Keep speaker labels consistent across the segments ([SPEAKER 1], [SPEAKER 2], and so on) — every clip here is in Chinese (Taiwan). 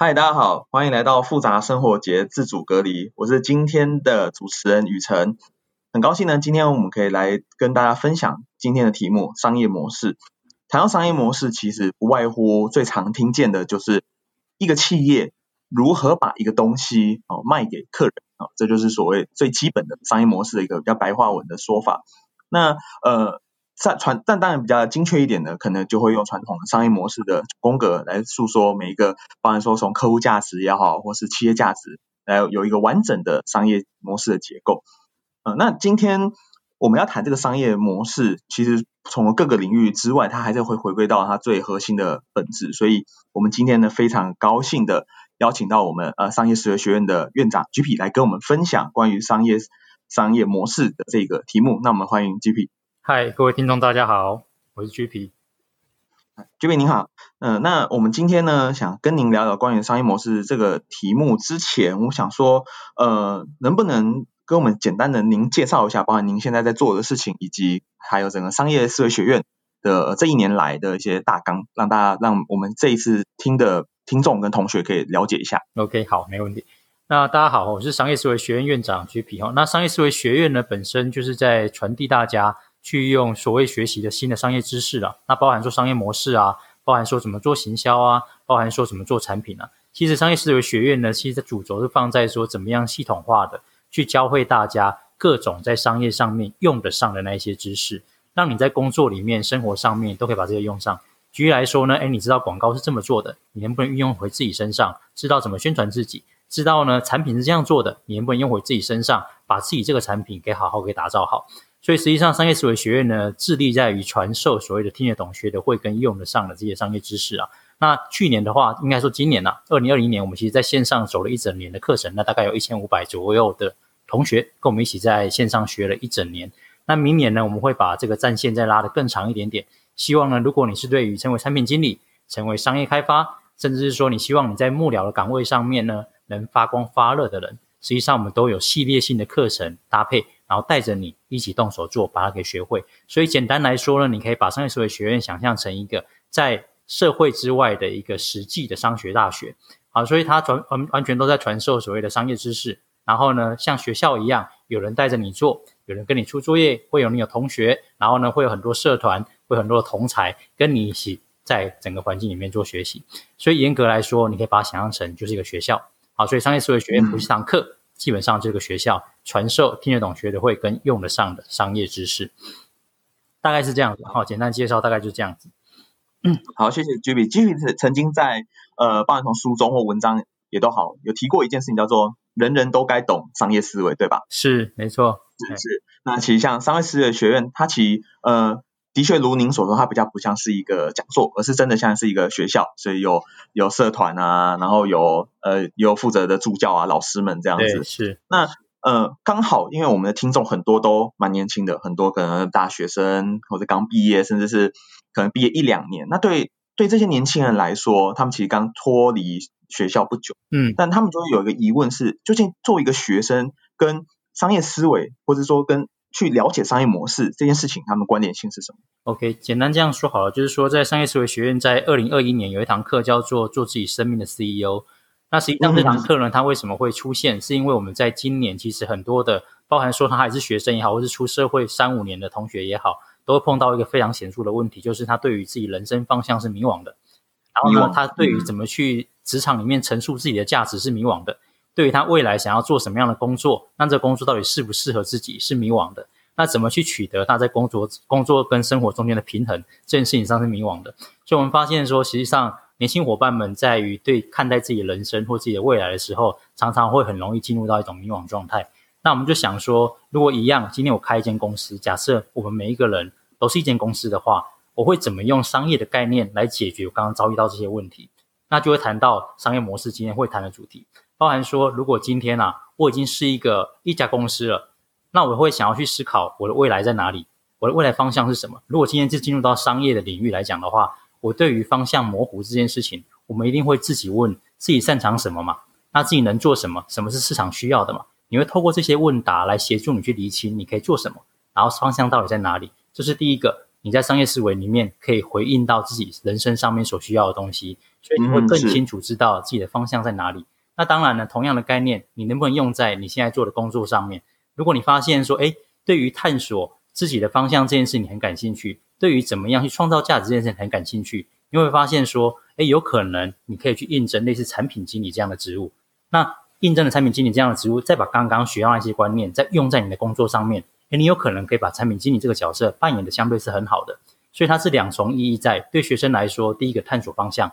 [SPEAKER 1] 嗨，Hi, 大家好，歡迎來到複雜生活節自主隔離。我是今天的主持人祤呈，很高興呢，今天我們可以來跟大家分享今天的題目——商業模式。談到商業模式，其實不外乎最常聽見的就是一個企業如何把一個東西哦賣給客人啊，這就是所謂最基本的商業模式的一個比較白話文的說法。那呃。但傳，但當然比較精確一點的，可能就會用傳統的商業模式的九宮格來訴說每一個，包含說從客戶價值也好，或是企業價值，來有一個完整的商業模式的結構。呃那今天我們要談這個商業模式，其實從各個領域之外，它還是會回歸到它最核心的本質。所以我們今天呢，非常高興的邀請到我們呃商業思維學院的院長 Gipi 來跟我們分享關於商業商業模式的這個題目。那我們歡迎 Gipi。嗨，Hi, 各位聽眾，
[SPEAKER 2] 大家
[SPEAKER 1] 好，我是 Gipi。Gipi 您好，嗯、呃，那我們今天呢，想跟您聊聊關於商業模式這個題目之前，我想說，呃，能不能跟我們簡單的您介紹一下，包含您現在在做的事情，以及還有整個商業思維學院的這一年來的一些大綱，讓大家讓我們這一次聽的聽眾跟同學可以了解一下。OK，好，沒問題。
[SPEAKER 2] 那大家好，我是商業思維學院院長 Gipi 哈。那商業思維學院呢，本身就是在傳遞大家，去用所謂學習的新的商業知識了、啊，那包含做商業模式啊，包含說怎麼做行銷啊，包含說怎麼做產品啊。其實商業思維學院呢，其實主軸是放在說怎麼樣系統化的去教會大家各種在商業上面用得上的那一些知識，讓你在工作裡面、生活上面都可以把這些用上。舉例來說呢，誒，你知道廣告是這麼做的，你能不能運用回自己身上，知道怎麼宣傳自己？知道呢，產品是這樣做的，你能不能用回自己身上，把自己這個產品給好好給打造好？所以實際上商業思維學院呢，致力在於傳授所謂的聽得懂、學得會、跟用得上的這些商業知識啊。那去年的話，應該說今年啊，二零二零年我們其實在線上走了一整年的課程，那大概有一千五百左右的同學跟我們一起在線上學了一整年。那明年呢，我們會把這個戰線再拉得更長一點點。希望呢，如果你是對於成為產品經理、成為商業開發，甚至是說你希望你在幕僚的崗位上面呢。能發光發熱的人，實際上我們都有系列性的課程搭配，然後帶着你一起動手做，把它給學會。所以簡單來說呢，你可以把商業思維學院想象成一個在社會之外的一個實際的商學大學。好，所以它完完全全都在傳授所謂的商業知識。然後呢，像學校一樣，有人帶着你做，有人跟你出作業，會有你有同學，然後呢，會有很多社團，會有很多同儕跟你一起在整個環境裡面做學習。所以嚴格來說，你可以把它想象成就是一個學校。好，所以商業思維學院不是堂課，嗯、基本上這個學校傳授聽得懂、學得會、跟用得上的商業知識，大概是這
[SPEAKER 1] 樣子。好，簡單介紹大概就是這樣子。嗯，好，謝謝 Gipi。Gipi 曾經在呃，幫你從書中或文章也都好有提過一件事情，叫做人人都該懂商業思維，對吧？是，沒錯，是對那其實像商業思維學院，它其實呃。的確，如您所說，它比較不像是一個講座，而是真的像是一個學校，所以有有社團啊，然後有呃有負責的助教啊，老師們這樣子。對，是。那呃，剛好因為我們的聽眾很多都蠻年輕的，很多可能大學生或者剛畢業，甚至是可能畢業一兩年。那對對這些年輕人來說，他們其實剛脫離學校不久，嗯，但他們就會有一個疑問是：究竟作為一個學生，跟商業思維，或者說跟去了解商業模式這件事情，他們關聯性是什
[SPEAKER 2] 麼？OK，簡單這樣說好了，就是說在商業思維學院，在二零二一年有一堂課叫做“做自己生命的 CEO”。那實際上這堂課呢，它、嗯、為什麼會出現？是因為我們在今年其實很多的，包含說他還是學生也好，或是出社會三五年的同學也好，都會碰到一個非常顯著的問題，就是他對於自己人生方向是迷惘的，迷惘的，然後、嗯、他對於怎麼去職場裡面陳述自己的價值是迷惘的。對於他未來想要做什麼樣的工作，那這工作到底適不適合自己是迷惘的。那怎麼去取得他在工作、工作跟生活中間的平衡，這件事情上是迷惘的。所以，我們發現說，實際上年輕夥伴們在於對看待自己人生或自己的未來的時候，常常會很容易進入到一種迷惘狀態。那我們就想說，如果一樣，今天我開一間公司，假設我們每一個人都是一間公司的話，我會怎麼用商業的概念來解決我剛剛遭遇到這些問題？那就會談到商業模式今天會談的主題。包含說，如果今天啊，我已經是一個一家公司了，那我會想要去思考我的未來在哪裡，我的未來方向是什麼。如果今天就進入到商業的領域來講的話，我對於方向模糊這件事情，我們一定會自己問自己擅長什麼嘛？那自己能做什麼？什麼是市場需要的嘛？你會透過這些問答來協助你去釐清你可以做什麼，然後方向到底在哪裡？這、就是第一個，你在商業思維裡面可以回應到自己人生上面所需要的東西，所以你會更清楚知道自己的方向在哪裡。那當然呢，同樣的概念，你能不能用在你現在做的工作上面？如果你發現說，誒，對於探索自己的方向這件事，你很感興趣，對於怎麼樣去創造價值這件事你很感興趣，你會發現說，誒，有可能你可以去應徵類似產品經理這樣的職務。那應徵了產品經理這樣的職務，再把剛剛學到那些觀念，再用在你的工作上面，誒，你有可能可以把產品經理這個角色扮演得相對是很好的。所以它是兩重意義在，對學生來說，第一個探索方向。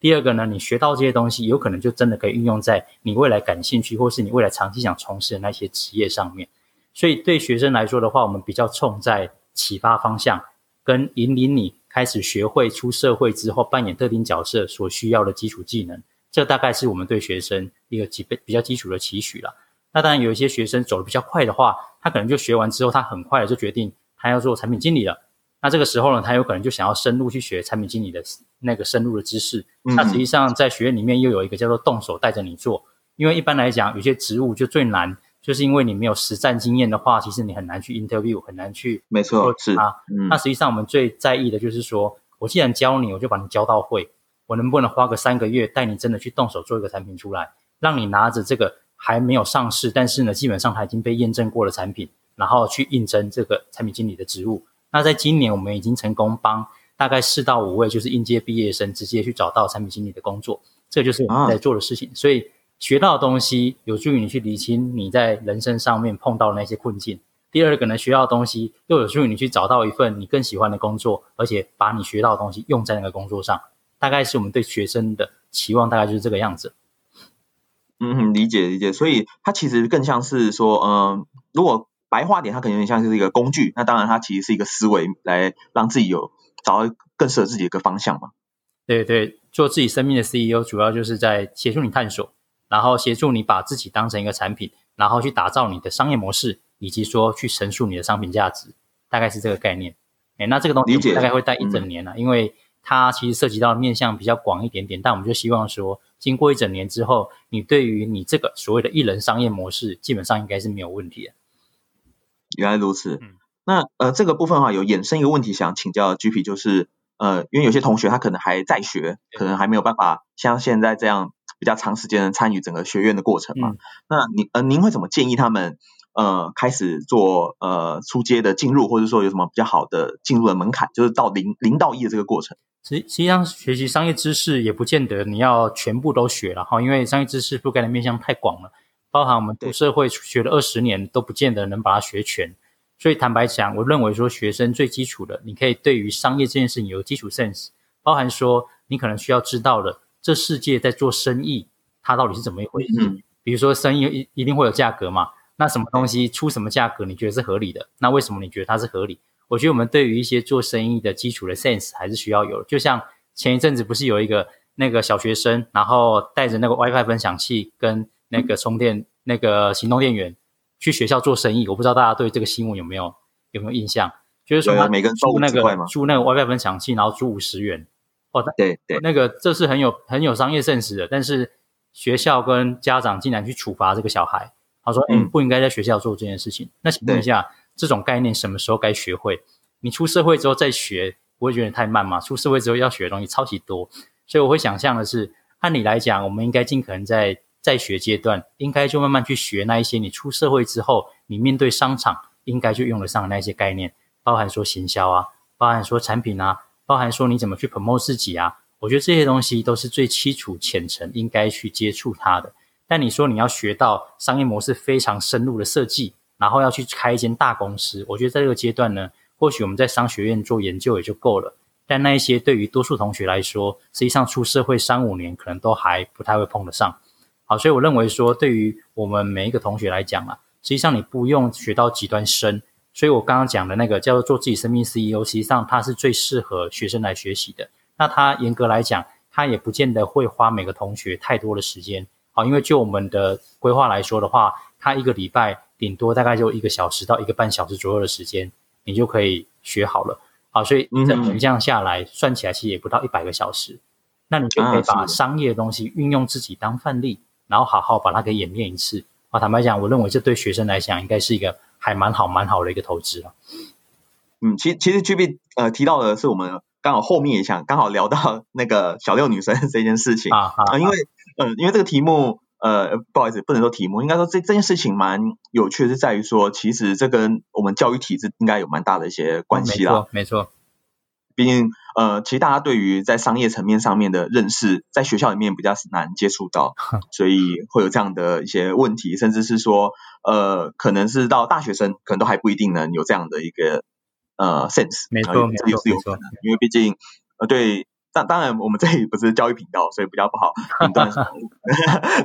[SPEAKER 2] 第二個呢，你學到這些東西，有可能就真的可以運用在你未來感興趣，或是你未來長期想從事的那些職業上面。所以對學生來說的話，我們比較衝在啟發方向，跟引領你開始學會出社會之後扮演特定角色所需要的基礎技能。這大概是我們對學生一個基本比較基礎的期許了。那當然，有一些學生走的比較快的話，他可能就學完之後，他很快就決定他要做產品經理了。那這個時候呢，他有可能就想要深入去學產品經理的那個深入的知識。嗯。那實際上在學院裡面又有一個叫做動手帶着你做，因為一般來講有些職務就最難，就是因為你沒有實戰經驗的話，其實你很難去 interview，很難去。沒錯，是啊。是，嗯。那實際上我們最在意的就是說，我既然教你，我就把你教到會。我能不能花個三個月帶你真的去動手做一個產品出來，讓你拿着這個還沒有上市，但是呢基本上還已經被驗證過的產品，然後去應徵這個產品經理的職務。那在今年，我們已經成功幫大概四到五位就是應屆畢業生直接去找到產品經理的工作，這就是我們在做的事情。啊，所以學到的東西有助於你去理清你在人生上面碰到的那些困境。第二個呢，學到的東西又有助於你去找到一份你更喜歡的工作，而且把你學到的東西用在那個工作上。大概是我們對學生的期望，大概就是這個樣子。
[SPEAKER 1] 嗯，理解理解。所以它其實更像是說，嗯，呃，如果。白話點，它可能有點像是一個工具。那當然，它其實是一個思維，來讓自己有找到更適合自己一個方向嘛。
[SPEAKER 2] 對對，做自己生命的 CEO，主要就是在協助你探索，然後協助你把自己當成一個產品，然後去打造你的商業模式，以及說去陳述你的商品價值，大概是這個概念。哎，那這個東西大概會帶一整年了，啊，嗯、因為它其實涉及到面向比較廣一點點，但我們就希望說，經過一整年之後，你對於你這個所謂的藝人商業模式，基本上應該是沒有問題的。
[SPEAKER 1] 原來如此。那呃，這個部分哈，有衍生一個問題想請教 Gipi，就是呃，因為有些同學他可能還在學，對可能還沒有辦法像現在這樣比較長時間的參與整個學院的過程嘛。嗯、那您呃，您會怎麼建議他們呃，開始做呃初階的進入，或者說有什麼比較好的進入的門檻，就是到零零到一的這個過程？
[SPEAKER 2] 實實際上，學習商業知識也不見得你要全部都學，了，哈，因為商業知識覆蓋的面向太廣了。包含我們讀社會學了二十年，都不見得能把它學全。所以坦白講，我認為說學生最基礎的，你可以對於商業這件事情有基礎 sense。包含說你可能需要知道的，這世界在做生意，它到底是怎麼一回事？比如說，生意一一定會有價格嘛？那什麼東西出什麼價格，你覺得是合理的？那為什麼你覺得它是合理？我覺得我們對於一些做生意的基礎的 sense 還是需要有。就像前一陣子不是有一個那個小學生，然後帶着那個 WiFi 分享器跟。那個充電，那個行動電源，去學校做生意，我不知道大家對這個新聞有沒有有沒有印象？就是說，租那個租、啊、那個 WiFi 分享器，然後租五十元。哦，對對對，那個這是很有很有商業認識的。但是學校跟家長竟然去處罰這個小孩，他說：“嗯，不應該在學校做這件事情。嗯”那請問一下，對這種概念什麼時候該學會？你出社會之後再學，不會覺得太慢嗎？出社會之後要學的東西超級多，所以我會想象的是，按理來講，我們應該盡可能在。在學階段，應該就慢慢去學那一些你出社會之後，你面對商場應該就用得上的那些概念，包含說行銷啊，包含說產品啊，包含說你怎麼去 promote 自己啊。我覺得這些東西都是最基礎、淺層應該去接觸它的。但你說你要學到商業模式非常深入的設計，然後要去開一間大公司，我覺得在這個階段呢，或許我們在商學院做研究也就夠了。但那一些對於多數同學來說，實際上出社會三五年，可能都還不太會碰得上。好，所以我認為說，對於我們每一個同學來講啊，實際上你不用學到極端深。所以我剛剛講的那個叫做做自己生命 CEO，實際上它是最適合學生來學習的。那它嚴格來講，它也不見得會花每個同學太多的時間。好、啊，因為就我們的規劃來說的話，它一個禮拜頂多大概就一個小時到一個半小時左右的時間，你就可以學好了。好、啊，所以你整整這樣下來，嗯嗯算起來其實也不到一百個小時，那你就可以把商業的東西運用自己當範例。啊然後好好把它給演練一次啊！坦白講，我認為這對學生來
[SPEAKER 1] 講，應該是一個還蠻好、蠻好的一個投資了、啊。嗯，其其實 Gipi 呃提到的是我們剛好後面也想剛好聊到那個小六女生這件事情啊，啊、呃，因為、啊、呃因為這個題目呃不好意思不能說題目，應該說這這件事情蠻有趣，是在於說其實這跟我們教育體制應該有蠻大的一些關係啦，嗯、沒錯。沒錯畢竟，呃，其實大家對於在商業層面上面的認識，在學校裡面比較是難接觸到，所以會有這樣的一些問題，甚至是說，呃，可能是到大學生，可能都還不一定能有這樣的一個呃 sense。沒錯，呃、沒錯，有沒錯。因為畢竟，錯呃，對，當當然，我們這裡不是教育頻道，所以比較不好評斷。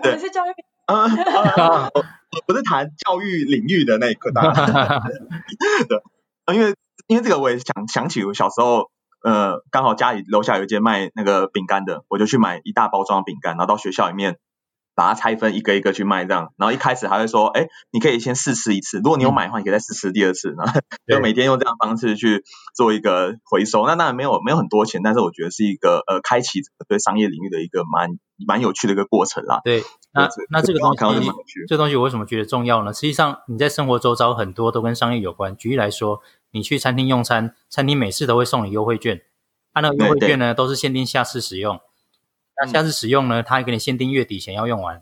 [SPEAKER 1] 我
[SPEAKER 3] 是教
[SPEAKER 1] 育啊，啊 不是談教育領域的那一塊、啊， 對、啊，因為因為這個我也想想起我小時候。呃，剛好家裡樓下有一間賣那個餅乾的，我就去買一大包裝餅乾，然後到學校裡面把它拆分，一個一個去賣這樣。然後一開始還會說，哎、欸，你可以先試吃一次，如果你有買的話，你可以再試吃第二次。然後對就每天用這樣方式去做一個回收。那當然沒有沒有很多錢，但是我覺得是一個呃開啟對商業領域的一個蠻蠻有趣的一個過程啦。對，對
[SPEAKER 2] 那對那這個東西，有趣這個、東西我為什麼覺得重要呢？實際上你在生活周遭，很多都跟商業有關。舉例來說。你去餐廳用餐，餐廳每次都會送你優惠券。啊那個優惠券呢，對對都是限定下次使用。那下次使用呢，他、嗯、還給你限定月底前要用完。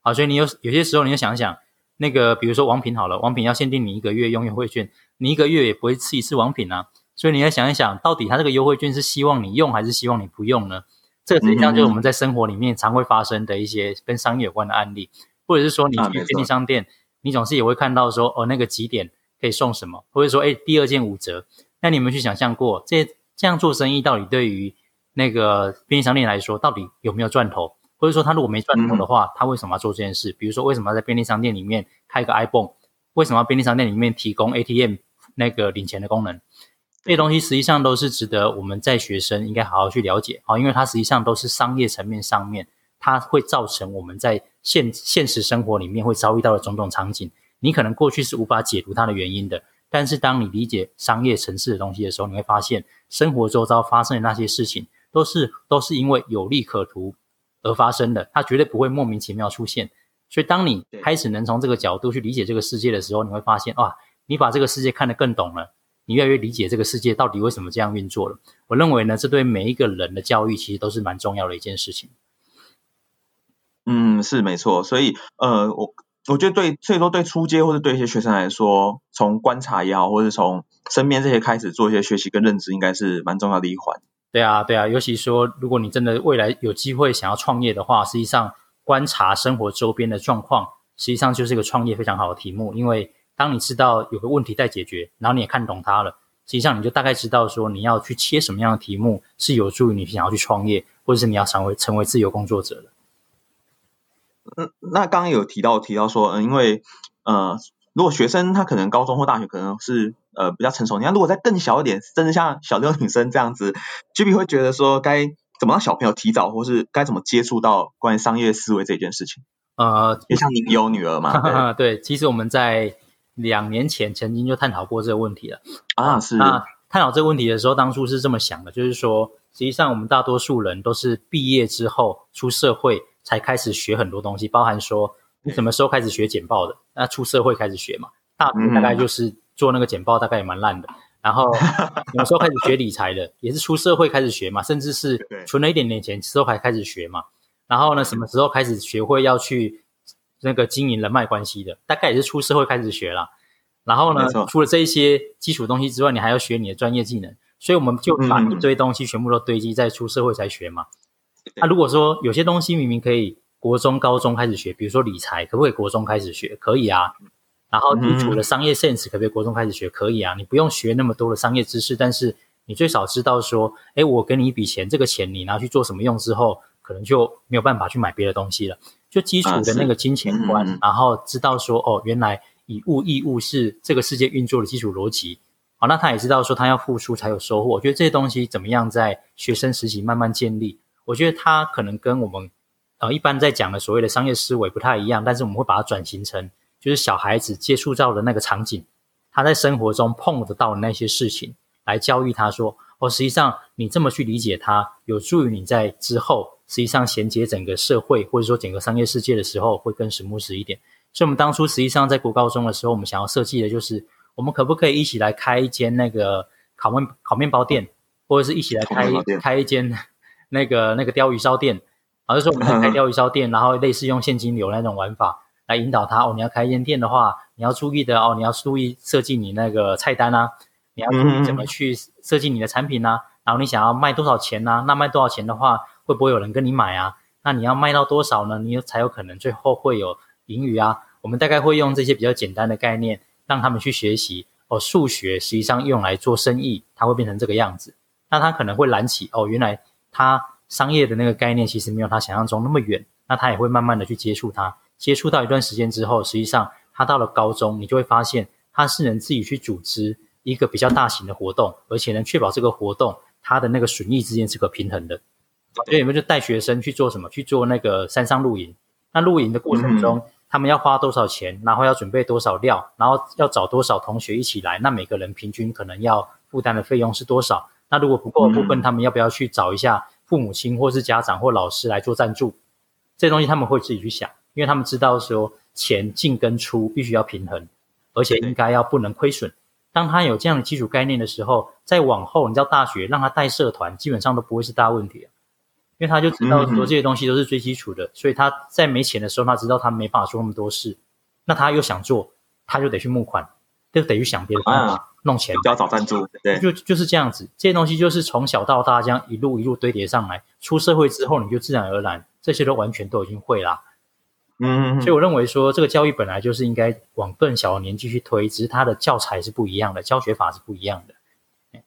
[SPEAKER 2] 好，所以你有有些時候你就想一想，那個比如說王品好了，王品要限定你一個月用優惠券，你一個月也不會吃一次王品啊。所以你要想一想，到底它這個優惠券是希望你用還是希望你不用呢？這個實際上就是我們在生活裡面常會發生的一些跟商業有關的案例，或者是說你去便利商店，啊、你總是也會看到說哦那個幾點。可以送什麼，或者說，誒第二件五折。那你有沒有去想象過，這這樣做生意，到底對於那個便利商店來說，到底有沒有賺頭？或者說，他如果沒賺頭的話，嗯、他為什麼要做這件事？比如說，為什麼要在便利商店裡面開一個 iPhone？為什麼要便利商店裡面提供 ATM 那個領錢的功能？對這些東西實際上都是值得我們在學生應該好好去了解啊，因為它實際上都是商業層面上面，它會造成我們在現現實生活裡面會遭遇到的種種場景。你可能過去是無法解讀它的原因的，但是當你理解商業城市的東西的時候，你會發現生活周遭發生的那些事情都是都是因為有利可圖而發生的，它絕對不會莫名其妙出現。所以，當你開始能從這個角度去理解這個世界的時候，你會發現，哇、啊，你把這個世界看得更懂了，你越來越理解這個世界到底為什麼這樣運作了。我認為呢，這對每一個人的教育其實都是蠻重要的一件事情。嗯，
[SPEAKER 1] 是沒錯，所以，呃，我。我覺得對，所以說對初階或者對一些學生來說，從觀察也好，或者是從身邊這些開始做一些學習跟認知，應該是蠻重要的一環。
[SPEAKER 2] 對啊，對啊，尤其說如果你真的未來有機會想要創業的話，實際上觀察生活周邊的狀況，實際上就是一個創業非常好的題目。因為當你知道有個問題待解決，然後你也看懂它了，實際上你就大概知道說你要去切什麼樣的題目是有助於你想要去創業，或者是你要成為成為自由工作者的。
[SPEAKER 1] 嗯，那剛剛有提到提到說，嗯，因為，呃，如果學生他可能高中或大學可能是呃比較成熟，你看如果再更小一點，甚至像小六女生這樣子，Gipi 會覺得說，該怎麼讓小朋友提早，或是該怎麼接觸到關於商業思維這件事情？呃，就像你有女兒嘛？
[SPEAKER 2] 對， 對，其實我們在兩年前曾經就探討過這個問題了。啊，是。啊，探討這個問題的時候，當初是這麼想的，就是說，實際上我們大多數人都是畢業之後出社會。才開始學很多東西，包含說你什麼時候開始學簡報的？那出社會開始學嘛。大大概就是做那個簡報，大概也蠻爛的。嗯、然後什麼時候開始學理財的？ 也是出社會開始學嘛。甚至是存了一點點錢之後才開始學嘛。然後呢，什麼時候開始學會要去那個經營人脈關係的？大概也是出社會開始學啦。然後呢，沒錯。除了這一些基礎東西之外，你還要學你的專業技能。所以我們就把一堆東西全部都堆積在出社會才學嘛。嗯那、啊、如果說有些東西明明可以國中、高中開始學，比如說理財，可不可以國中開始學？可以啊。然後你除了商業 sense，、嗯、可不可以國中開始學？可以啊。你不用學那麼多的商業知識，但是你最少知道說，哎，我給你一筆錢，這個錢你拿去做什麼用之後，可能就沒有辦法去買別的東西了。就基礎的那個金錢觀，啊嗯、然後知道說，哦，原來以物易物是這個世界運作的基礎邏輯。好、哦，那他也知道說，他要付出才有收穫。我覺得這些東西怎麼樣在學生時期慢慢建立？我覺得他可能跟我們，呃，一般在講的所謂的商業思維不太一樣，但是我們會把它轉型成，就是小孩子接觸到的那個場景，他在生活中碰得到的那些事情，來教育他說，哦，實際上你這麼去理解它，有助於你在之後，實際上銜接整個社會或者說整個商業世界的時候會更 smooth 一點。所以，我們當初實際上在國高中的時候，我們想要設計的就是，我們可不可以一起來開一間那個烤面烤麵包店，或者是一起來開開一間。那個那個鯛魚燒店，好、啊，就是我們在開鯛魚燒店，然後類似用現金流那種玩法來引導他哦。你要開一間店的話，你要注意的哦，你要注意設計你那個菜單啊，你要怎麼去設計你的產品啊。然後你想要賣多少錢啊？那賣多少錢的話，會不會有人跟你買啊？那你要賣到多少呢？你才有可能最後會有盈餘啊？我們大概會用這些比較簡單的概念讓他們去學習哦。數學實際上用來做生意，它會變成這個樣子。那他可能會燃起哦，原來。他商業的那個概念其實沒有他想象中那麼遠，那他也會慢慢的去接觸它。接觸到一段時間之後，實際上他到了高中，你就會發現他是能自己去組織一個比較大型的活動，而且能確保這個活動它的那個損益之間是可平衡的。對所以我們就帶學生去做什麼？去做那個山上露營。那露營的過程中，嗯、他們要花多少錢？然後要準備多少料？然後要找多少同學一起來？那每個人平均可能要負擔的費用是多少？那如果不夠的部分，我問、嗯、他們要不要去找一下父母親或是家長或老師來做贊助，這些東西他們會自己去想，因為他們知道說錢進跟出必須要平衡，而且應該要不能虧損。當他有這樣的基礎概念的時候，再往後，你知道大學讓他帶社團，基本上都不會是大問題，因為他就知道說這些東西都是最基礎的，嗯、所以他在沒錢的時候，他知道他沒辦法做那麼多事。那他又想做，他就得去募款，就得去想別的辦法。啊弄錢，要
[SPEAKER 1] 找贊助，對，就
[SPEAKER 2] 就是這樣子。這些東西就是從小到大這樣一路一路堆疊上來。出社會之後，你就自然而然這些都完全都已經會啦。嗯哼哼，所以我認為說，這個教育本來就是應該往更小的年紀去推，只是它的教材是不一樣的，教學法是不一樣的。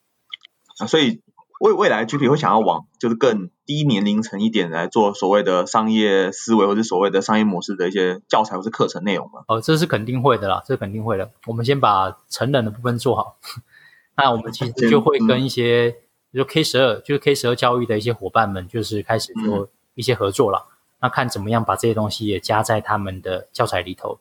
[SPEAKER 1] 所以。未未來 Gipi 會想要往就是更低年齡層一點來做所謂的商業思維或者所謂的商業模式的一些教材或者課程內容嗎？
[SPEAKER 2] 哦，這是肯定會的啦，這是肯定會的。我們先把成人的部分做好， 那我們其實就會跟一些，嗯、比如 K 十二，就是 K 十二教育的一些伙伴們，就是開始做一些合作了。嗯、那
[SPEAKER 1] 看怎麼樣把這些東西也加在他們的教材裡頭。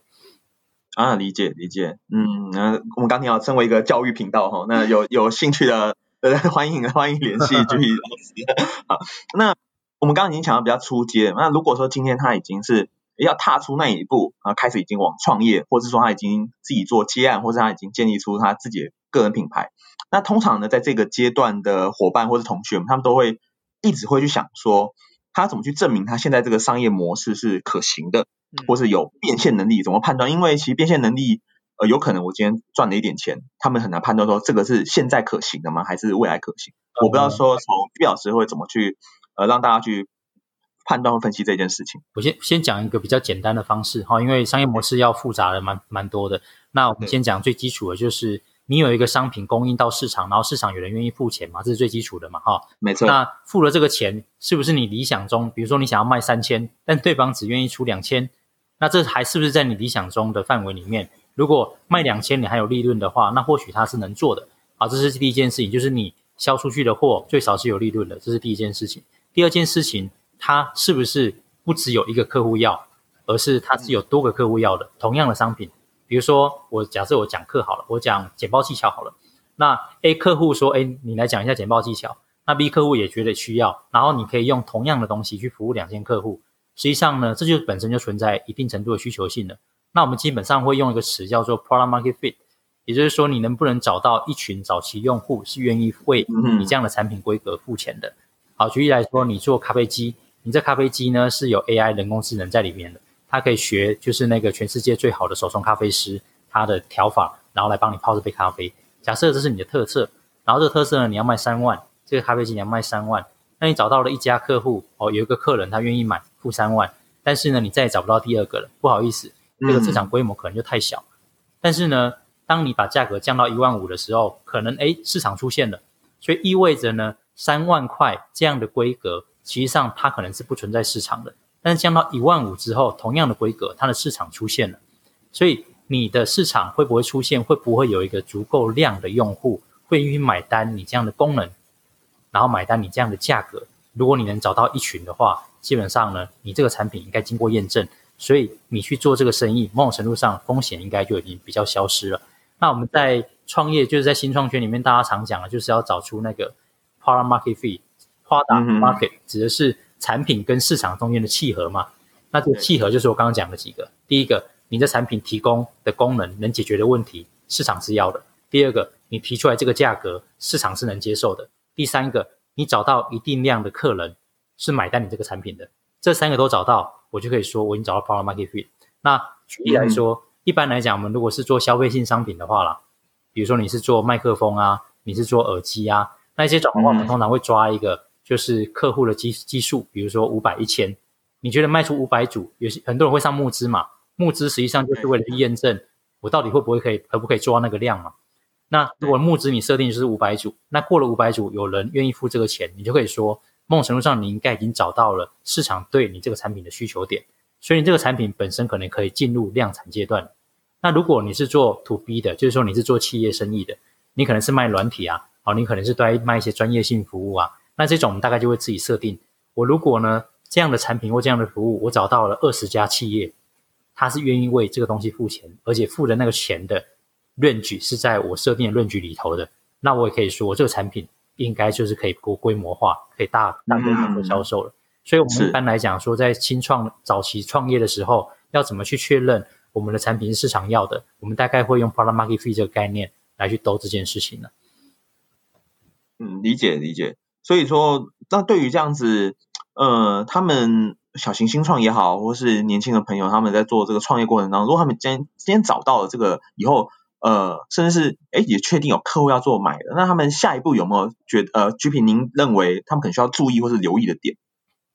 [SPEAKER 1] 啊，理解理解，嗯，那我們剛好身為一個教育頻道哈，那有有興趣的、嗯。呃，歡迎，歡迎聯繫居易老師。好，那我們剛剛已經講到比較初階。那如果說今天他已經是要踏出那一步啊，然後開始已經往創業，或是說他已經自己做接案，或是他已經建立出他自己個人品牌，那通常呢，在這個階段的伙伴或是同學們，他們都會一直會去想說，他怎麼去證明他現在這個商業模式是可行的，或是有變現能力？怎麼判斷？因為其實變現能力，呃，有可能我今天賺了一點錢，他們很難判斷說這個是現在可行的嗎，還是未來可行？嗯，我不知道說從畢老師會怎麼去呃讓大家去判斷和分析這件事情。
[SPEAKER 2] 我先先講一個比較簡單的方式哈，因為商業模式要複雜的蠻蠻多的。那我們先講最基礎的，就是你有一個商品供應到市場，然後市場有人願意付錢嘛，這是最基礎的嘛哈。沒錯。那付了這個錢，是不是你理想中，比如說你想要賣三千，但對方只願意出兩千，那這還是不是在你理想中的範圍裡面？如果賣兩千你還有利潤的話，那或許他是能做的。好、啊，這是第一件事情，就是你銷出去的貨最少是有利潤的，這是第一件事情。第二件事情，他是不是不只有一個客戶要，而是他是有多個客戶要的？嗯、同樣的商品，比如說我假設我講課好了，我講簡報技巧好了，那 A 客戶說：“誒，你來講一下簡報技巧。”那 B 客戶也覺得需要，然後你可以用同樣的東西去服務兩間客戶。實際上呢，這就本身就存在一定程度的需求性了。那我們基本上會用一個詞叫做 product market fit，也就是說，你能不能找到一群早期用戶是願意為你這樣的產品規格付錢的？好，舉例來說，你做咖啡機，你這咖啡機呢是有 AI 人工智能在裡面的，它可以學就是那個全世界最好的手沖咖啡師他的調法，然後來幫你泡這杯咖啡。假設這是你的特色，然後這個特色呢你要賣三萬，這個咖啡機你要賣三萬，那你找到了一家客戶哦，有一個客人他願意買，付三萬，但是呢你再也找不到第二個了，不好意思。這個市場規模可能就太小，但是呢，當你把價格降到一萬五的時候，可能誒市場出現了，所以意味着呢，三萬塊這樣的規格，實際上它可能是不存在市場的，但是降到一萬五之後，同樣的規格，它的市場出現了，所以你的市場會不會出現？會不會有一個足夠量的用戶會願意買單你這樣的功能，然後買單你這樣的價格？如果你能找到一群的話，基本上呢，你這個產品應該經過驗證。所以你去做這個生意，某種程度上風險應該就已經比較消失了。那我們在創業，就是在新創圈裡面，大家常講的，就是要找出那個 “product market fit product、嗯、market” 哼指的是產品跟市場中間的契合嘛。那這個契合就是我剛剛講的幾個：第一個，你的產品提供的功能能解決的問題，市場是要的；第二個，你提出來這個價格，市場是能接受的；第三個，你找到一定量的客人是買單你這個產品的，這三個都找到。我就可以說我已經找到 power market fit。那舉例來說，嗯、一般來講，我們如果是做消費性商品的話啦，比如說你是做麥克風啊，你是做耳機啊，那一些轉換我們通常會抓一個就是客戶的基基數，比如說五百一千，你覺得賣出五百組，有些很多人會上募資嘛，募資實際上就是為了驗證我到底會不會可以可不可以抓那個量嘛。那如果募資你設定就是五百組，那過了五百組有人願意付這個錢，你就可以說，某種程度上，你應該已經找到了市場對你這個產品的需求點，所以你這個產品本身可能可以進入量產階段。那如果你是做 to B 的，就是說你是做企業生意的，你可能是賣軟體啊，哦，你可能是賣賣一些專業性服務啊，那這種大概就會自己設定：我如果呢這樣的產品或這樣的服務，我找到了二十家企業，他是願意為這個東西付錢，而且付的那個錢的 range 是在我設定的 range 裡頭的，那我也可以說我這個產品。應該就是可以不規模化，可以大大規模銷售了。嗯、所以，我們一般來講說，在新創是早期創業的時候，要怎麼去確認我們的產品是市場要的？我們大概會用 product market fit 這個概念來去兜這件事情呢。嗯，
[SPEAKER 1] 理解理解。所以說，那對於這樣子，呃，他們小型新創也好，或是年輕的朋友，他們在做這個創業過程當中，如果他們今天，今天找到了這個以後。呃，甚至是哎，也確定有客戶要做買的，那他們下一步有沒有覺得？呃，Gipi，您認為他們可能需要注意或是留意的點？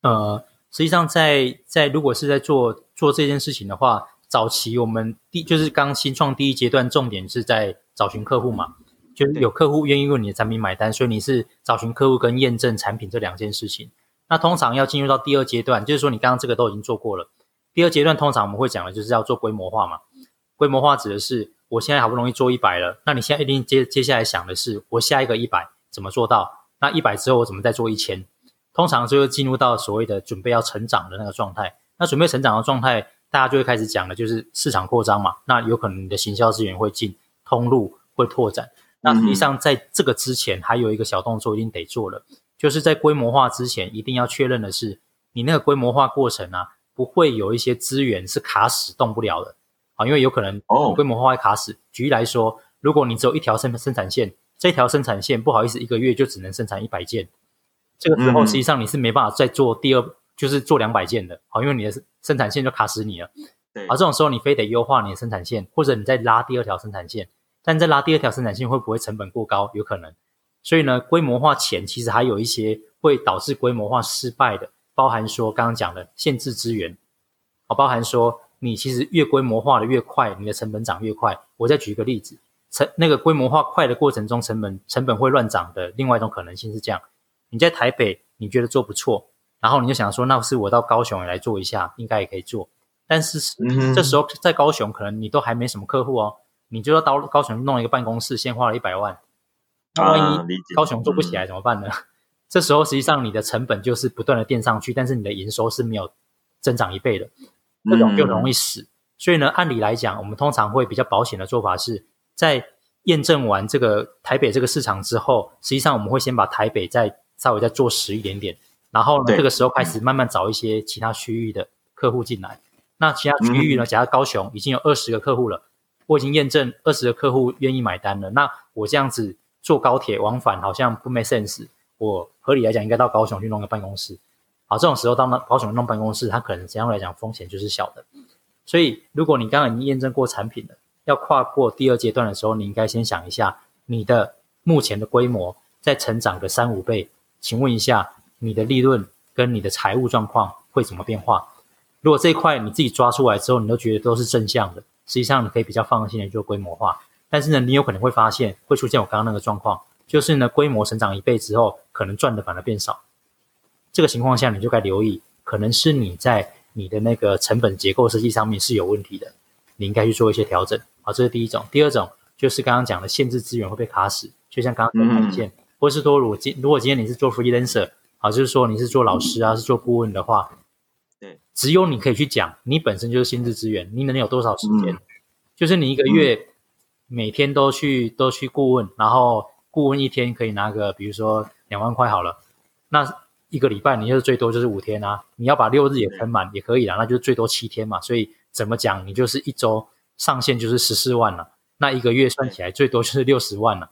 [SPEAKER 1] 呃，
[SPEAKER 2] 實際上在，在在如果是在做做這件事情的話，早期我們第就是剛新創第一階段，重點是在找尋客戶嘛，對就是有客戶願意為你的產品買單，所以你是找尋客戶跟驗證產品這兩件事情。那通常要進入到第二階段，就是說你剛剛這個都已經做過了。第二階段通常我們會講的就是要做規模化嘛，規模化指的是。我現在好不容易做一百了，那你現在一定接接下來想的是，我下一個一百怎麼做到？那一百之後我怎麼再做一千？通常就會進入到所謂的準備要成長的那個狀態。那準備成長的狀態，大家就會開始講的就是市場擴張嘛。那有可能你的行銷資源會進，通路會拓展。那實際上在這個之前，還有一個小動作一定得做了，就是在規模化之前，一定要確認的是，你那個規模化過程啊，不會有一些資源是卡死動不了的。啊，因為有可能規模化會卡死。舉例來說，如果你只有一條生生產線，這條生產線不好意思，一個月就只能生產一百件。這個時候實際上你是沒辦法再做第二，就是做兩百件的。好，因為你的生產線就卡死你了。啊，這種時候你非得優化你的生產線，或者你再拉第二條生產線。但再拉第二條生產線會不會成本過高？有可能。所以呢，規模化前其實還有一些會導致規模化失敗的，包含說剛剛講的限制資源，啊，包含說。你其實越規模化的越快，你的成本漲越快。我再舉一個例子，成那個規模化快的過程中，成本成本會亂漲的。另外一種可能性是這樣：你在台北你覺得做不錯，然後你就想說，那不是我到高雄來做一下，應該也可以做。但是、嗯、哼這時候在高雄可能你都還沒什麼客戶哦，你就到高雄弄一個辦公室，先花了一百萬。啊，理解。萬一高雄做不起來、啊、怎麼辦呢？嗯、這時候實際上你的成本就是不斷的墊上去，但是你的營收是沒有增長一倍的。
[SPEAKER 1] 那種就容易
[SPEAKER 2] 死，所以呢，按理來講，我們通常會比較保險的做法是在驗證完這個台北這個市場之後，實際上我們會先把台北再稍微再做實一點點，然後呢，這個時候開始慢慢找一些其他區域的客戶進來。那其他區域呢，假設高雄已經有二十個客戶了，我已經驗證二十個客戶願意買單了，那我這樣子坐高鐵往返好像不 make sense，我合理來講應該到高雄去弄個辦公室。好，這種時候，當保險的弄辦公室，他可能相對來講風險就是小的。所以，如果你剛剛已經驗證過產品了，要跨過第二階段的時候，你應該先想一下，你的目前的規模再成長個三五倍，請問一下，你的利潤跟你的財務狀況會怎麼變化？如果這一塊你自己抓出來之後，你都覺得都是正向的，實際上你可以比較放心的做規模化。但是呢，你有可能會發現會出現我剛剛那個狀況，就是呢，規模成長一倍之後，可能賺的反而變少。這個情況下，你就該留意，可能是你在你的那個成本結構設計上面是有問題的，你應該去做一些調整好，啊，這是第一種，第二種就是剛剛講的限制資源會被卡死，就像剛剛講的那件，嗯、或是說如，如果今如果今天你是做 freelancer，好，啊，就是說你是做老師啊，嗯、是做顧問的話，對，只有你可以去講，你本身就是限制資源，你能有多少時間？嗯、就是你一個月每天都去都去顧問，然後顧問一天可以拿個，比如說兩萬塊好了，那。一個禮拜你就是最多就是五天啊，你要把六日也填滿也可以啊，對那就是最多七天嘛。所以怎麼講，你就是一周上限就是十四萬了、啊，那一個月算起來最多就是六十萬了、啊。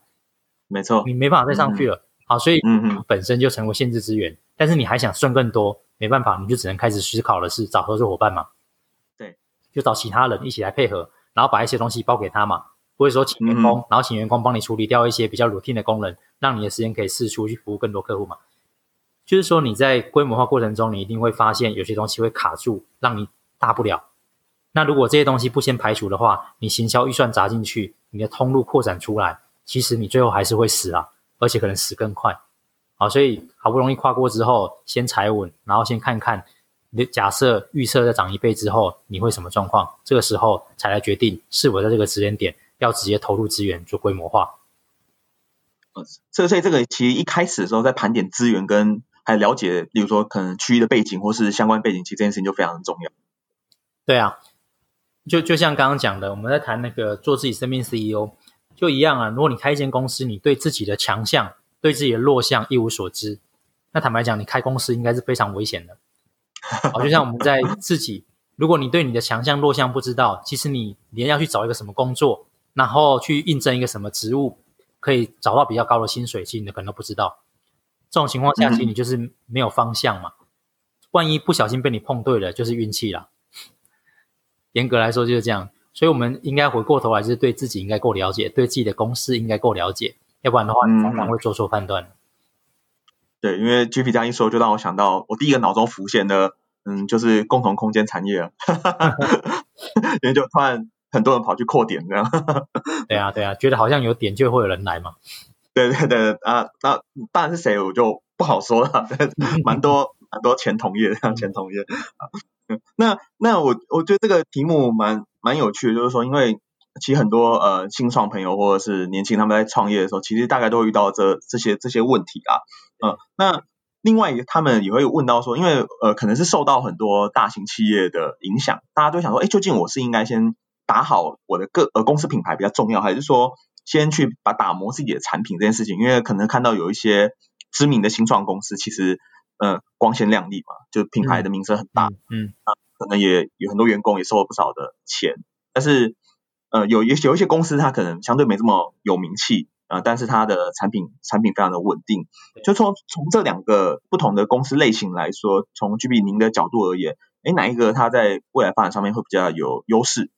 [SPEAKER 2] 沒錯，你沒辦法再上去了。嗯、好，所以嗯嗯，本身就成為限制資源，嗯嗯，但是你還想賺更多，沒辦法，你就只能開始思考的是找合作夥伴嘛。對，就找其他人一起來配合，然後把一些東西包給他嘛。不會說請員工，嗯、然後請員工幫你處理掉一些比較 routine 的功能，讓你的時間可以釋出去服務更多客戶嘛。就是說，你在規模化過程中，你一定會發現有些東西會卡住，讓你大不了。那如果這些東西不先排除的話，你行銷預算砸進去，你的通路擴展出來，其實你最後還是會死啊，而且可能死更快。好，所以好不容易跨過之後，先踩穩，然後先看看你的假設預測在漲一倍之後，你會什麼狀況？這個時候才來決定是否在這個時間點要直
[SPEAKER 1] 接投入資源做規模化。所以所以這個其實一開始的時候在盤點資源跟。還了解，例如說可能區域的背景或是相關背景，其實這件事情就非常重要。
[SPEAKER 2] 對啊，就就像剛剛講的，我們在談那個做自己生命 CEO 就一樣啊。如果你開一間公司，你對自己的強項、對自己的弱項一無所知，那坦白講，你開公司應該是非常危險的。好， 就像我們在自己，如果你對你的強項、弱項不知道，其實你連要去找一個什麼工作，然後去應徵一個什麼職務，可以找到比較高的薪水，其實你可能都不知道。這種情況下，其實你就是沒有方向嘛。嗯、萬一不小心被你碰對了，就是運氣了。嚴格來說就是這樣，所以我們應該回過頭來，就是對自己應該夠了解，對自己的公司應該夠了解，要不然的話，你常常會做出判斷、
[SPEAKER 1] 嗯。對，因為 Gipi 這樣一說，就讓我想到，我第一個腦中浮現的，嗯，就是共同空間產業，因 為 就突然很多人跑去擴點這樣。對啊，對啊，覺得好像有點就會有人來嘛。對對對啊，那當然是誰我就不好說了，蠻多蠻多前同業的像前同業。那那我我覺得這個題目蠻蠻有趣的，就是說，因為其實很多呃新創朋友或者是年輕他們在創業的時候，其實大概都會遇到這這些這些問題啊。呃、那另外一個他們也會問到說，因為呃可能是受到很多大型企業的影響，大家都想說誒，究竟我是應該先打好我的個呃公司品牌比較重要，還是說？先去把打磨自己的產品這件事情，因為可能看到有一些知名的新創公司，其實呃光鮮亮麗嘛，就品牌的名聲很大，嗯，嗯、呃，可能也有很多員工也收了不少的錢，但是呃有也有一些公司它可能相對沒這麼有名氣，啊、呃，但是它的產品產品非常的穩定，就從從這兩個不同的公司類型來說，從 Gipi 您的角度而言，哎、欸，哪一個它在未來發展上面會比較有優勢？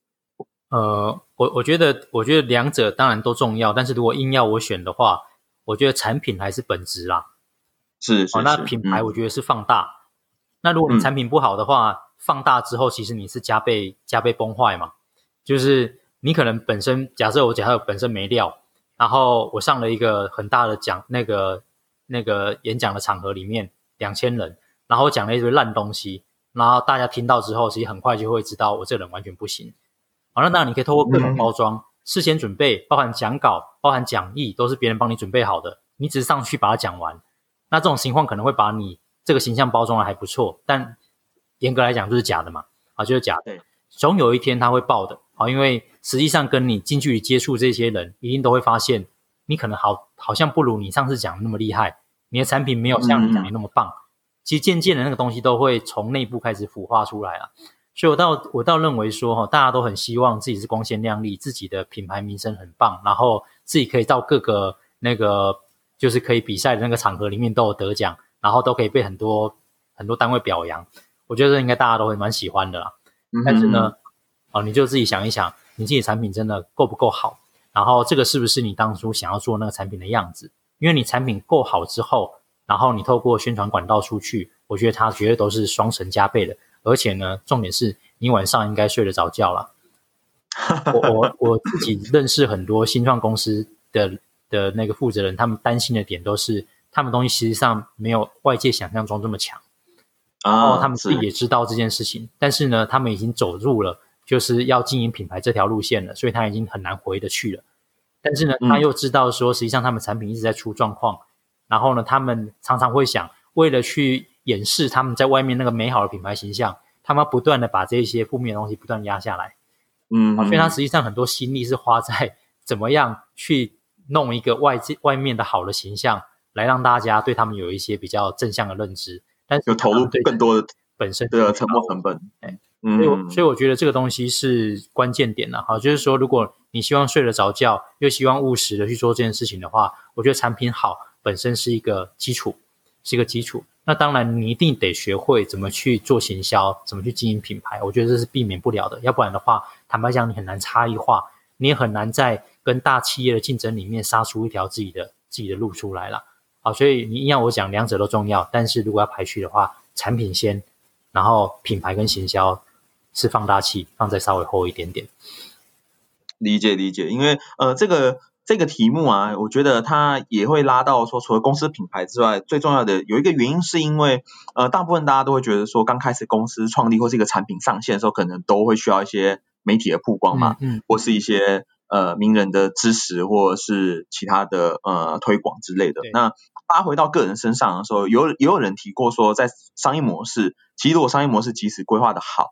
[SPEAKER 2] 呃，我我覺得，我覺得兩者當然都重要，但是如果硬要我選的話，我覺得產品還是本質啦。是，
[SPEAKER 1] 是，是，好、哦，那品
[SPEAKER 2] 牌我覺得是放大。嗯、那如果你產品不好的話，嗯、放大之後，其實你是加倍加倍崩壞嘛。就是你可能本身，假設我假設本身沒料，然後我上了一個很大的講那個那個演講的場合裡面，兩千人，然後講了一堆爛東西，然後大家聽到之後，其實很快就會知道我這人完全不行。好、哦，那當然你可以透過各種包裝，嗯、事先準備，包含講稿、包含講義，都是別人幫你準備好的，你只是上去把它講完。那這種情況可能會把你這個形象包裝得還不錯，但嚴格來講就是假的嘛，啊，就是假的。對總有一天它會爆的，啊，因為實際上跟你近距離接觸這些人，一定都會發現你可能好好像不如你上次講的那麼厲害，你的產品沒有像你講的那麼棒。嗯、其實漸漸的那個東西都會從內部開始腐化出來了、啊。所以，我倒我倒認為說，哦，哈，大家都很希望自己是光鮮亮麗，自己的品牌名聲很棒，然後自己可以到各個那個就是可以比賽的那個場合裡面都有得獎，然後都可以被很多很多單位表揚。我覺得這應該大家都會蠻喜歡的啦。
[SPEAKER 1] 但是呢，嗯
[SPEAKER 2] 嗯哦，你就自己想一想，你自己產品真的夠不夠好？然後這個是不是你當初想要做那個產品的樣子？因為你產品夠好之後，然後你透過宣傳管道出去，我覺得它絕對都是雙成加倍的。而且呢，重點是你晚上應該睡得着覺了。我我我自己認識很多新創公司的的那個負責人，他們擔心的點都是，他們東西實際上沒有外界想象中這麼強。哦、然後他們自己也知道這件事情，是。但是呢，他們已經走入了就是要經營品牌這條路線了，所以他已經很難回得去了。但是呢，他又知道說，實際上他們產品一直在出狀況，嗯、然後呢，他們常常會想，為了去。掩飾他們在外面那個美好的品牌形象，他們不斷的把這些負面的東西不斷壓下來，
[SPEAKER 1] 嗯，所以他實
[SPEAKER 2] 際上很多心力是花在怎麼樣去弄一個外界外面的好的形象，來讓大家對他們有一些比較正向的認知。
[SPEAKER 1] 但是有投入更多的本身的沉沒成本，哎對，嗯所
[SPEAKER 2] 以，所以我覺得這個東西是關鍵點了、啊、哈，就是說如果你希望睡得着覺，又希望務實的去做這件事情的話，我覺得產品好本身是一個基礎，是一個基礎。那當然，你一定得學會怎麼去做行銷，怎麼去經營品牌。我覺得這是避免不了的，要不然的話，坦白講，你很難差異化，你也很難在跟大企業的競爭裡面殺出一條自己的自己的路出來啦。好，所以你要我講，兩者都重要。但是如果要排序的話，產品先，然後品牌跟行銷
[SPEAKER 1] 是放大器，放在稍微後一點點。理解理解，因為呃，這個。這個題目啊，我覺得它也會拉到說，除了公司品牌之外，最重要的有一個原因，是因為呃，大部分大家都會覺得說，剛開始公司創立或者一個產品上線的時候，可能都會需要一些媒體的曝光嘛，嗯，嗯，或是一些呃名人的支持，或者是其他的呃推廣之類的。對那發回到個人身上的時候，有也有，有人提過說，在商業模式，其實如果商業模式即使規劃的好，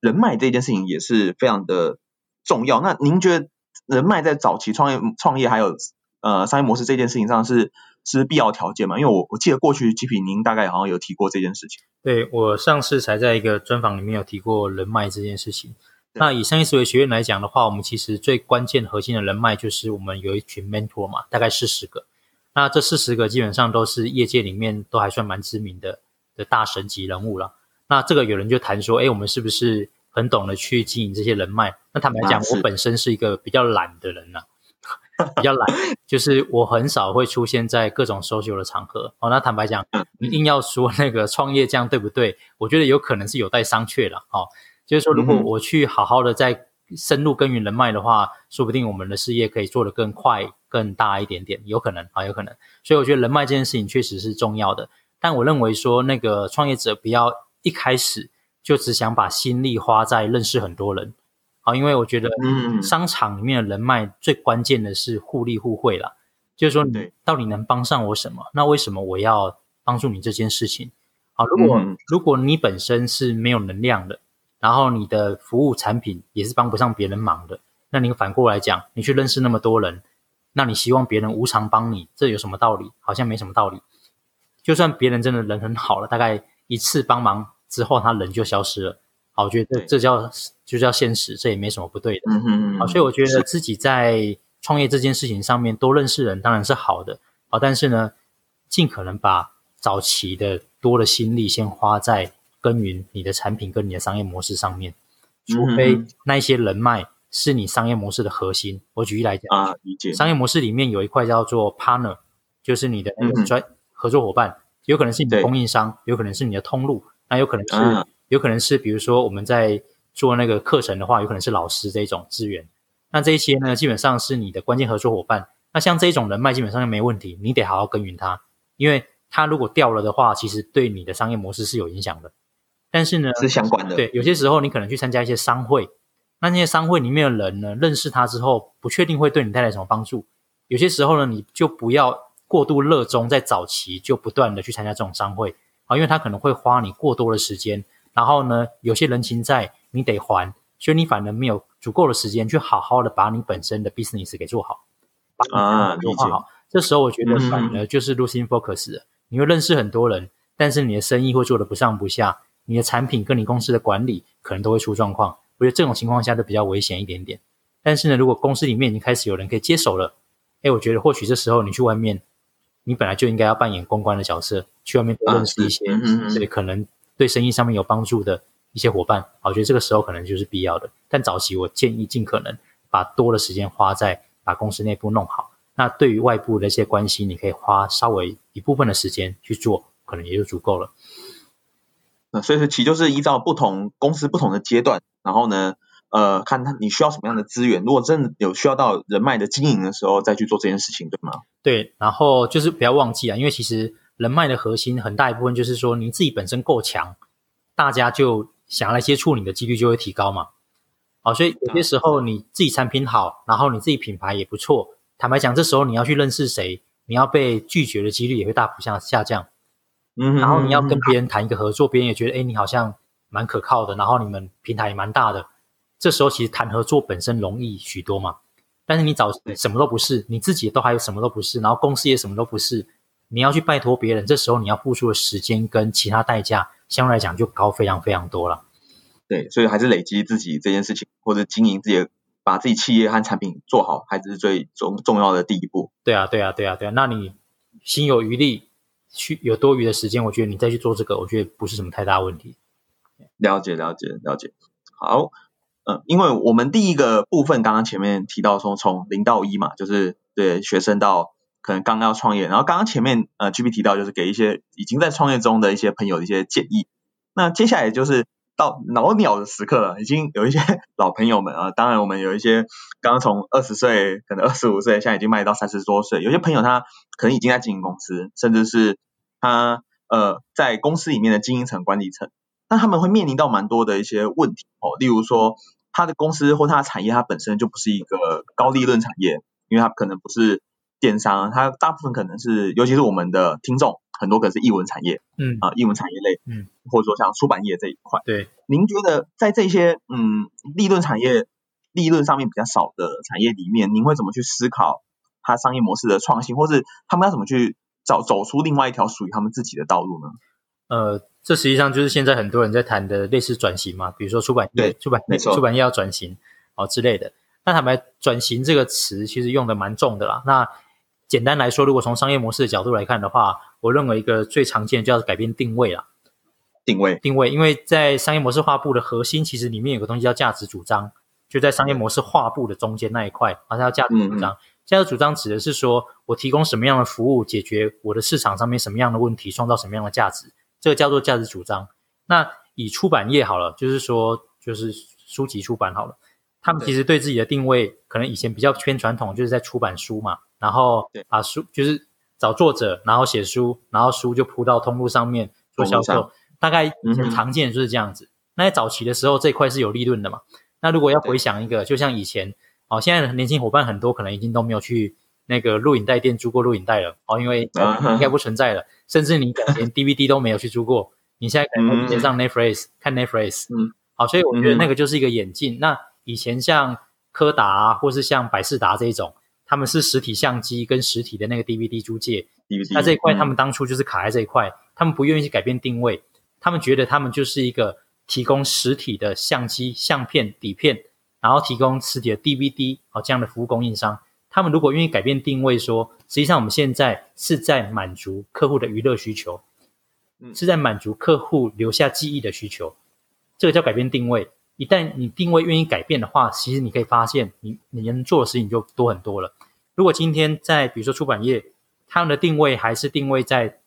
[SPEAKER 1] 人脈這件事情也是非常的重要。那您覺得？人脈在早期創業、創業還有呃商業模式這件事情上是是必要條件嘛？因為我我記得過去 Gipi 您大概好像有提過這件事情。
[SPEAKER 2] 對，我上次才在一個專訪裡面有提過人脈這件事情。對那以商業思維學院來講的話，我們其實最關鍵核心的人脈就是我們有一群 mentor 嘛，大概四十個。那這四十個基本上都是業界裡面都還算蠻知名的的大神級人物啦。那這個有人就談說，哎，我們是不是？很懂得去經營這些人脈。那坦白講，我本身是一個比較懶的人吶、啊，比較懶，就是我很少會出現在各種 social 的場合。哦，那坦白講，一定要說那個創業這樣對不對？我覺得有可能是有待商榷的。哦，就是說，如果我去好好的在深入耕耘人脈的話，說不定我們的事業可以做得更快、更大一點點，有可能啊、哦，有可能。所以我覺得人脈這件事情確實是重要的。但我認為說，那個創業者不要一開始。就只想把心力花在認識很多人，啊，因為我覺得商場裡面的人脈最關鍵的是互利互惠啦。就是說，你到底能幫上我什麼？那為什麼我要幫助你這件事情？好，如果如果你本身是沒有能量的，然後你的服務產品也是幫不上別人忙的，那你反過來講，你去認識那麼多人，那你希望別人無償幫你，這有什麼道理？好像沒什麼道理。就算別人真的人很好了，大概一次幫忙。之後他人就消失了，好，我覺得這叫就叫現實，這也沒什麼不對的。嗯嗯嗯。所以我覺得自己在創業這件事情上面多認識人當然是好的，好，但是呢，盡可能把早期的多的心力先花在耕耘，你的產品跟你的商業模式上面，
[SPEAKER 1] 除非
[SPEAKER 2] 那些人脈是你商業模式的核心。我舉例來講啊，商業模式裡面有一塊叫做 partner，就是你的專合作夥伴，有可能是你的供應商，有可能是你的通路。那有可能是，嗯、有可能是，比如說我們在做那個課程的話，有可能是老師這一種資源。那這一些呢，基本上是你的關鍵合作夥伴。那像這種人脈，基本上就沒問題，你得好好耕耘他，因為他如果掉了的話，其實對你的商業模式是有影響的。但是呢，是相關的。對，有些時候你可能去參加一些商會，那那些商會裡面的人呢，認識他之後，不確定會對你帶來什麼幫助。有些時候呢，你就不要過度熱衷，在早期就不斷的去參加這種商會。啊，因為他可能會花你過多的時間，然後呢，有些人情債你得還，所以你反而沒有足夠的時間去好好的把你本身的 business 給做好。做好啊，做好，這時候我覺得反而、嗯、就是 losing focus，你會認識很多人，但是你的生意會做得不上不下，你的產品跟你公司的管理可能都會出狀況。我覺得這種情況下就比較危險一點點。但是呢，如果公司裡面已經開始有人可以接手了，哎，我覺得或許這時候你去外面。你本來就應該要扮演公關的角色，去外面多認識一些，啊嗯、可能對生意上面有幫助的一些夥伴，我覺得這個時候可能就是必要的。但早期我建議盡可能把多的時間花在把公司內部弄好，那對於外部的一些關係，你可以花稍微一部分的時間去做，
[SPEAKER 1] 可能也就足夠了。那所以說，其實就是依照不同公司不同的階段，然後呢，呃，看他你需要什麼樣的資源。如果真的有需要到人脈的經營的時候，再去做這件事情，對嗎？
[SPEAKER 2] 對，然後就是不要忘記啊，因為其實人脈的核心很大一部分就是說你自己本身夠強，大家就想要來接觸你的幾率就會提高嘛。好、哦，所以有些時候你自己產品好，嗯、然後你自己品牌也不錯，坦白講，這時候你要去認識誰，你要被拒絕的幾率也會大幅下下降。嗯哼嗯哼，然後你要跟別人談一個合作，啊、別人也覺得誒、哎，你好像蠻可靠的，然後你們平台也蠻大的。這時候其實談合作本身容易許多嘛，但是你找什麼都不是，你自己都還有什麼都不是，然後公司也什麼都不是，你要去拜託別人，這時候你要付出的時間跟其他代價，相對來講就高非常非常多了。
[SPEAKER 1] 對，所以還是累積自己這件事情，或者經營自己，把自己企業和產品做好，還是最重重要的第一步。
[SPEAKER 2] 對啊，對啊，對啊，對啊。那你心有餘力，去有多餘的時間，我覺得你再去做這個，我覺得不是什麼太大問題。
[SPEAKER 1] 了解，了解，了解。好。嗯，因為我們第一個部分剛剛前面提到說從零到一嘛，就是對學生到可能剛要創業，然後剛剛前面呃 Gipi 提到就是給一些已經在創業中的一些朋友的一些建議，那接下來就是到老鳥的時刻了，已經有一些老朋友們啊，當然我們有一些剛剛從二十歲可能二十五歲現在已經邁到三十多歲，有些朋友他可能已經在經營公司，甚至是他呃在公司裡面的經營層、管理層，那他們會面臨到蠻多的一些問題哦，例如說。他的公司或他的產業，它本身就不是一個高利潤產業，因為它可能不是電商，它大部分可能是，尤其是我們的聽眾，很多可能是藝文產業，嗯，啊、呃，藝文產業類，嗯，或者說像出版業這一塊。對，您覺得在這些嗯利潤產業利潤上面比較少的產業裡面，您會怎麼去思考它商業模式的創新，或是他們要怎麼去找走出另外一條屬於他們自己的道路呢？呃。
[SPEAKER 2] 這實際上就是現在很多人在談的類似轉型嘛，比如說出版業對出版業說出版業要轉型好、哦、之類的。那坦白轉型這個詞其實用得蠻重的啦。那簡單來說，如果從商業模式的角度來看的話，我認為一個最常見的就要改變定位啦，
[SPEAKER 1] 定位
[SPEAKER 2] 定位，因為在商業模式畫布的核心，其實裡面有個東西叫價值主張，就在商業模式畫布的中間那一塊，好像叫價值主張。價值、嗯、主張指的是說我提供什麼樣的服務，解決我的市場上面什麼樣的問題，創造什麼樣的價值。這個叫做價值主張。那以出版業好了，就是說，就是書籍出版好了，他們其實對自己的定位，對可能以前比較偏傳統，就是在出版書嘛，然後把書對就是找作者，然後寫書，然後書就鋪到通路上面做銷售，大概以前常見的就是這樣子。嗯嗯，那在早期的時候，這一塊是有利潤的嘛？那如果要回想一個，對就像以前哦，現在的年輕夥伴很多可能已經都沒有去。那個錄影帶店租過錄影帶了哦，因為、uh huh. 應該不存在了。甚至你連 DVD 都沒有去租過， 你現在可能直接上 Netflix 看 Netflix。嗯、mm，好、hmm. 哦，所以我覺得那個就是一個眼鏡。Mm hmm. 那以前像柯達、啊、或是像百視達這一種，他們是實體相機跟實體的那個 DVD 租借
[SPEAKER 1] ，DVD 那這一塊他
[SPEAKER 2] 們當初就是卡在這一塊，他們不願意去改變定位，他們覺得他們就是一個提供實體的相機、相片、底片，然後提供實體的 DVD 哦這樣的服務供應商。他們如果願意改變定位說，說實際上我們現在是在滿足客戶的娛樂需求，嗯，是在滿足客戶留下記憶的需求，這個叫改變定位。一旦你定位願意改變的話，其實你可以發現你，你你能做的事情就多很多了。如果今天在比如說出版業，他們的定位還是定位在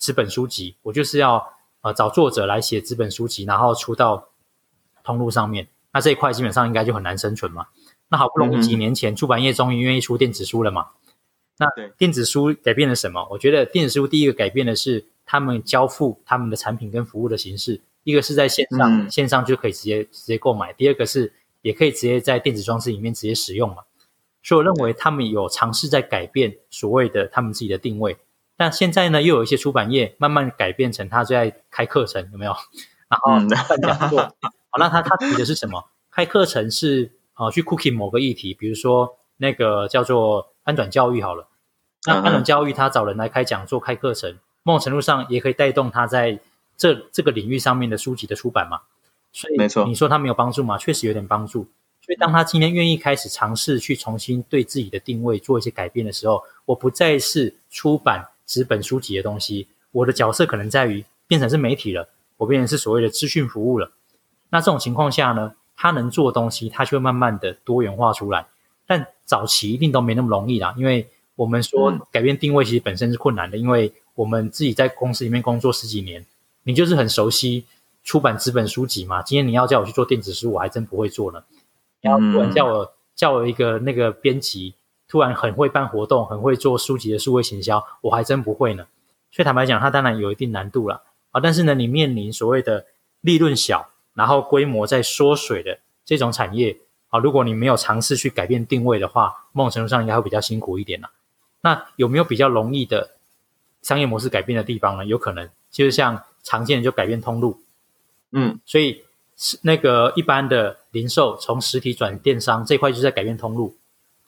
[SPEAKER 2] 紙本書籍，我就是要呃找作者來寫紙本書籍，然後出到通路上面，那這一塊基本上應該就很難生存嘛。那好不容易，幾年前出版業終於願意出電子書了嘛？那電子書改變了什麼？我覺得電子書第一個改變的是，他們交付他們的產品跟服務的形式，一個是在線上，嗯、線上就可以直接直接購買；第二個是也可以直接在電子裝置裡面直接使用嘛。所以我認為他們有嘗試在改變所謂的他們自己的定位。那現在呢，又有一些出版業慢慢改變成他最愛開課程，有沒有？然後、嗯、講座。 好，那他他提的是什麼？開課程是。啊，去 cooking 某個議題，比如說那個叫做翻轉教育好
[SPEAKER 3] 了。那翻轉
[SPEAKER 2] 教育，他找人來開講座、開課程，某種程度上也可以帶動他在這這個領域上面的書籍的出版嘛。所以，沒錯，你說他沒有幫助嗎？確實有點幫助。所以，當他今天願意開始嘗試去重新對自己的定位做一些改變的時候，我不再是出版紙本書籍的東西，我的角色可能在於變成是媒體了，我變成是所謂的資訊服務了。那這種情況下呢？他能做的東西，他就會慢慢的多元化出來。但早期一定都沒那麼容易啦，因為我們說改變定位其實本身是困難的，嗯、因為我們自己在公司裡面工作十幾年，你就是很熟悉出版紙本書籍嘛。今天你要叫我去做電子書，我還真不會做呢。嗯、然後突然叫我叫我一個那個編輯，突然很會辦活動，很會做書籍的數位行銷，我還真不會呢。所以坦白講，它當然有一定難度了啊。但是呢，你面臨所謂的利潤小。然後規模在縮水的這種產業啊，如果你沒有嘗試去改變定位的話，某種程度上應該會比較辛苦一點了啊。那有沒有比較容易的商業模式改變的地方呢？有可能就是像常見的，就改變通路。嗯，所以那個一般的零售從實體轉電商這塊就在改變通路，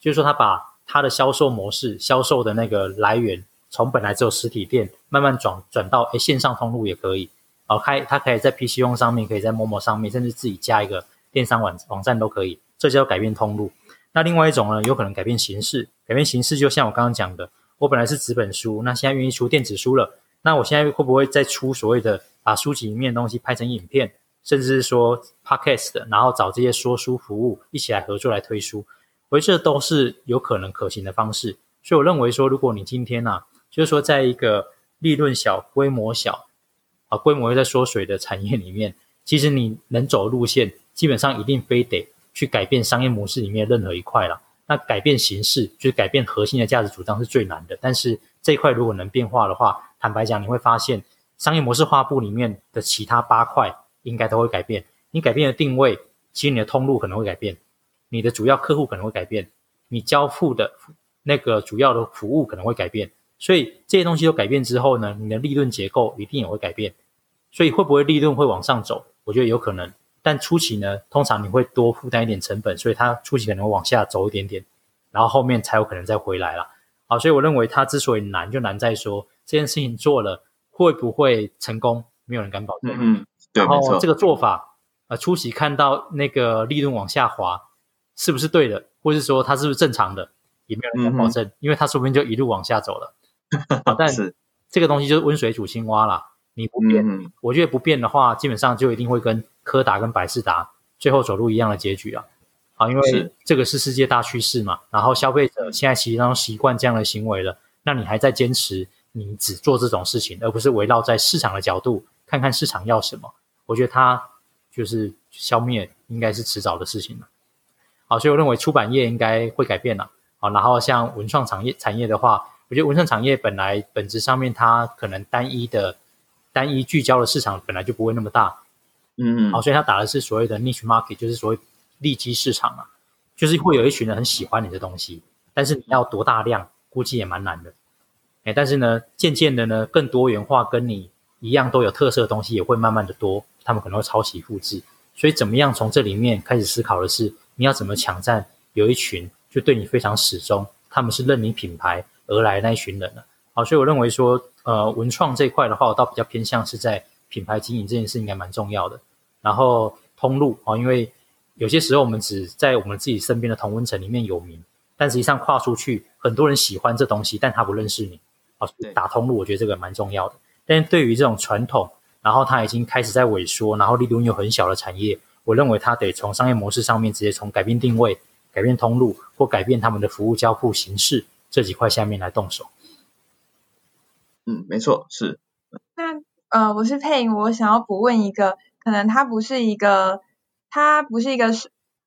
[SPEAKER 2] 就是說他把他的銷售模式、銷售的那個來源，從本來只有實體店，慢慢轉轉到哎線上通路也可以。哦，開它可以在 PC 用，上面，可以在 momo 上面，甚至自己加一個電商網網站都可以。這叫改變通路。那另外一種呢，有可能改變形式。改變形式就像我剛剛講的，我本來是紙本書，那現在願意出電子書了。那我現在會不會再出所謂的把書籍裡面的東西拍成影片，甚至是說 podcast 的，然後找這些說書服務一起來合作來推書？我覺得這都是有可能可行的方式。所以我認為說，如果你今天啊，就是說在一個利潤小、規模小。啊，規模又在縮水的產業裡面，其實你能走的路線，基本上一定非得去改變商業模式裡面的任何一塊了。那改變形式，就是改變核心的價值主張是最難的。但是這一塊如果能變化的話，坦白講，你會發現商業模式畫布裡面的其他八塊應該都會改變。你改變了定位，其實你的通路可能會改變，你的主要客戶可能會改變，你交付的那個主要的服務可能會改變。所以這些東西都改變之後呢，你的利潤結構一定也會改變。所以會不會利潤會往上走？我覺得有可能，但初期呢，通常你會多負擔一點成本，所以它初期可能會往下走一點點，然後後面才有可能再回來了。好、啊，所以我認為它之所以難，就難在說這件事情做了會不會成功，沒有人敢保證。嗯，嗯，
[SPEAKER 1] 對。然後這個
[SPEAKER 2] 做法，呃、嗯，初期看到那個利潤往下滑，是不是對的，或者說它是不是正常的，也沒有人敢保證，嗯嗯，因為它說不定就一路往下走了。 但是這個東西就是溫水煮青蛙啦。你不變，我覺得不變的話，基本上就一定會跟柯達、跟百視達最後走路一樣的結局了。啊，啊，因為這個是世界大趨勢嘛。然後消費者現在其實當中習慣這樣的行為了，那你還在堅持你只做這種事情，而不是圍繞在市場的角度看看市場要什麼，我覺得它就是消滅，應該是遲早的事情了。好，所以我認為出版業應該會改變了。好，然後像文創產業產業的話。我覺得文創產業本來本質上面，它可能單一的、單一聚焦的市場本來就不會那麼大，嗯，好，所以它打的是所謂的 niche market，就是所謂利基市場嘛，啊，就是會有一群人很喜歡你的東西，但是你要多大量，估計也蠻難的。哎，但是呢，漸漸的呢，更多元化，跟你一樣都有特色的東西也會慢慢的多，他們可能會抄襲複制，所以怎麼樣從這裡面開始思考的是，你要怎麼搶占有一群就對你非常死忠，他們是認你品牌。而來那一群人了，好，所以我認為說，呃，文創這塊的話，我倒比較偏向是在品牌經營這件事應該蠻重要的。然後通路啊，因為有些時候我們只在我們自己身邊的同溫層裡面有名，但實際上跨出去，很多人喜歡這東西，但他不認識你啊。打通路，我覺得這個蠻重要的。但是對於這種傳統，然後它已經開始在萎縮，然後利潤又很小的產業，我認為它得從商業模式上面直接從改變定位、改變通路或改變他們的服務交付形式，這幾塊下面來動手，嗯，沒錯，是。
[SPEAKER 3] 那呃，我是配音，我想要補問一個，可能它不是一個，它不是一個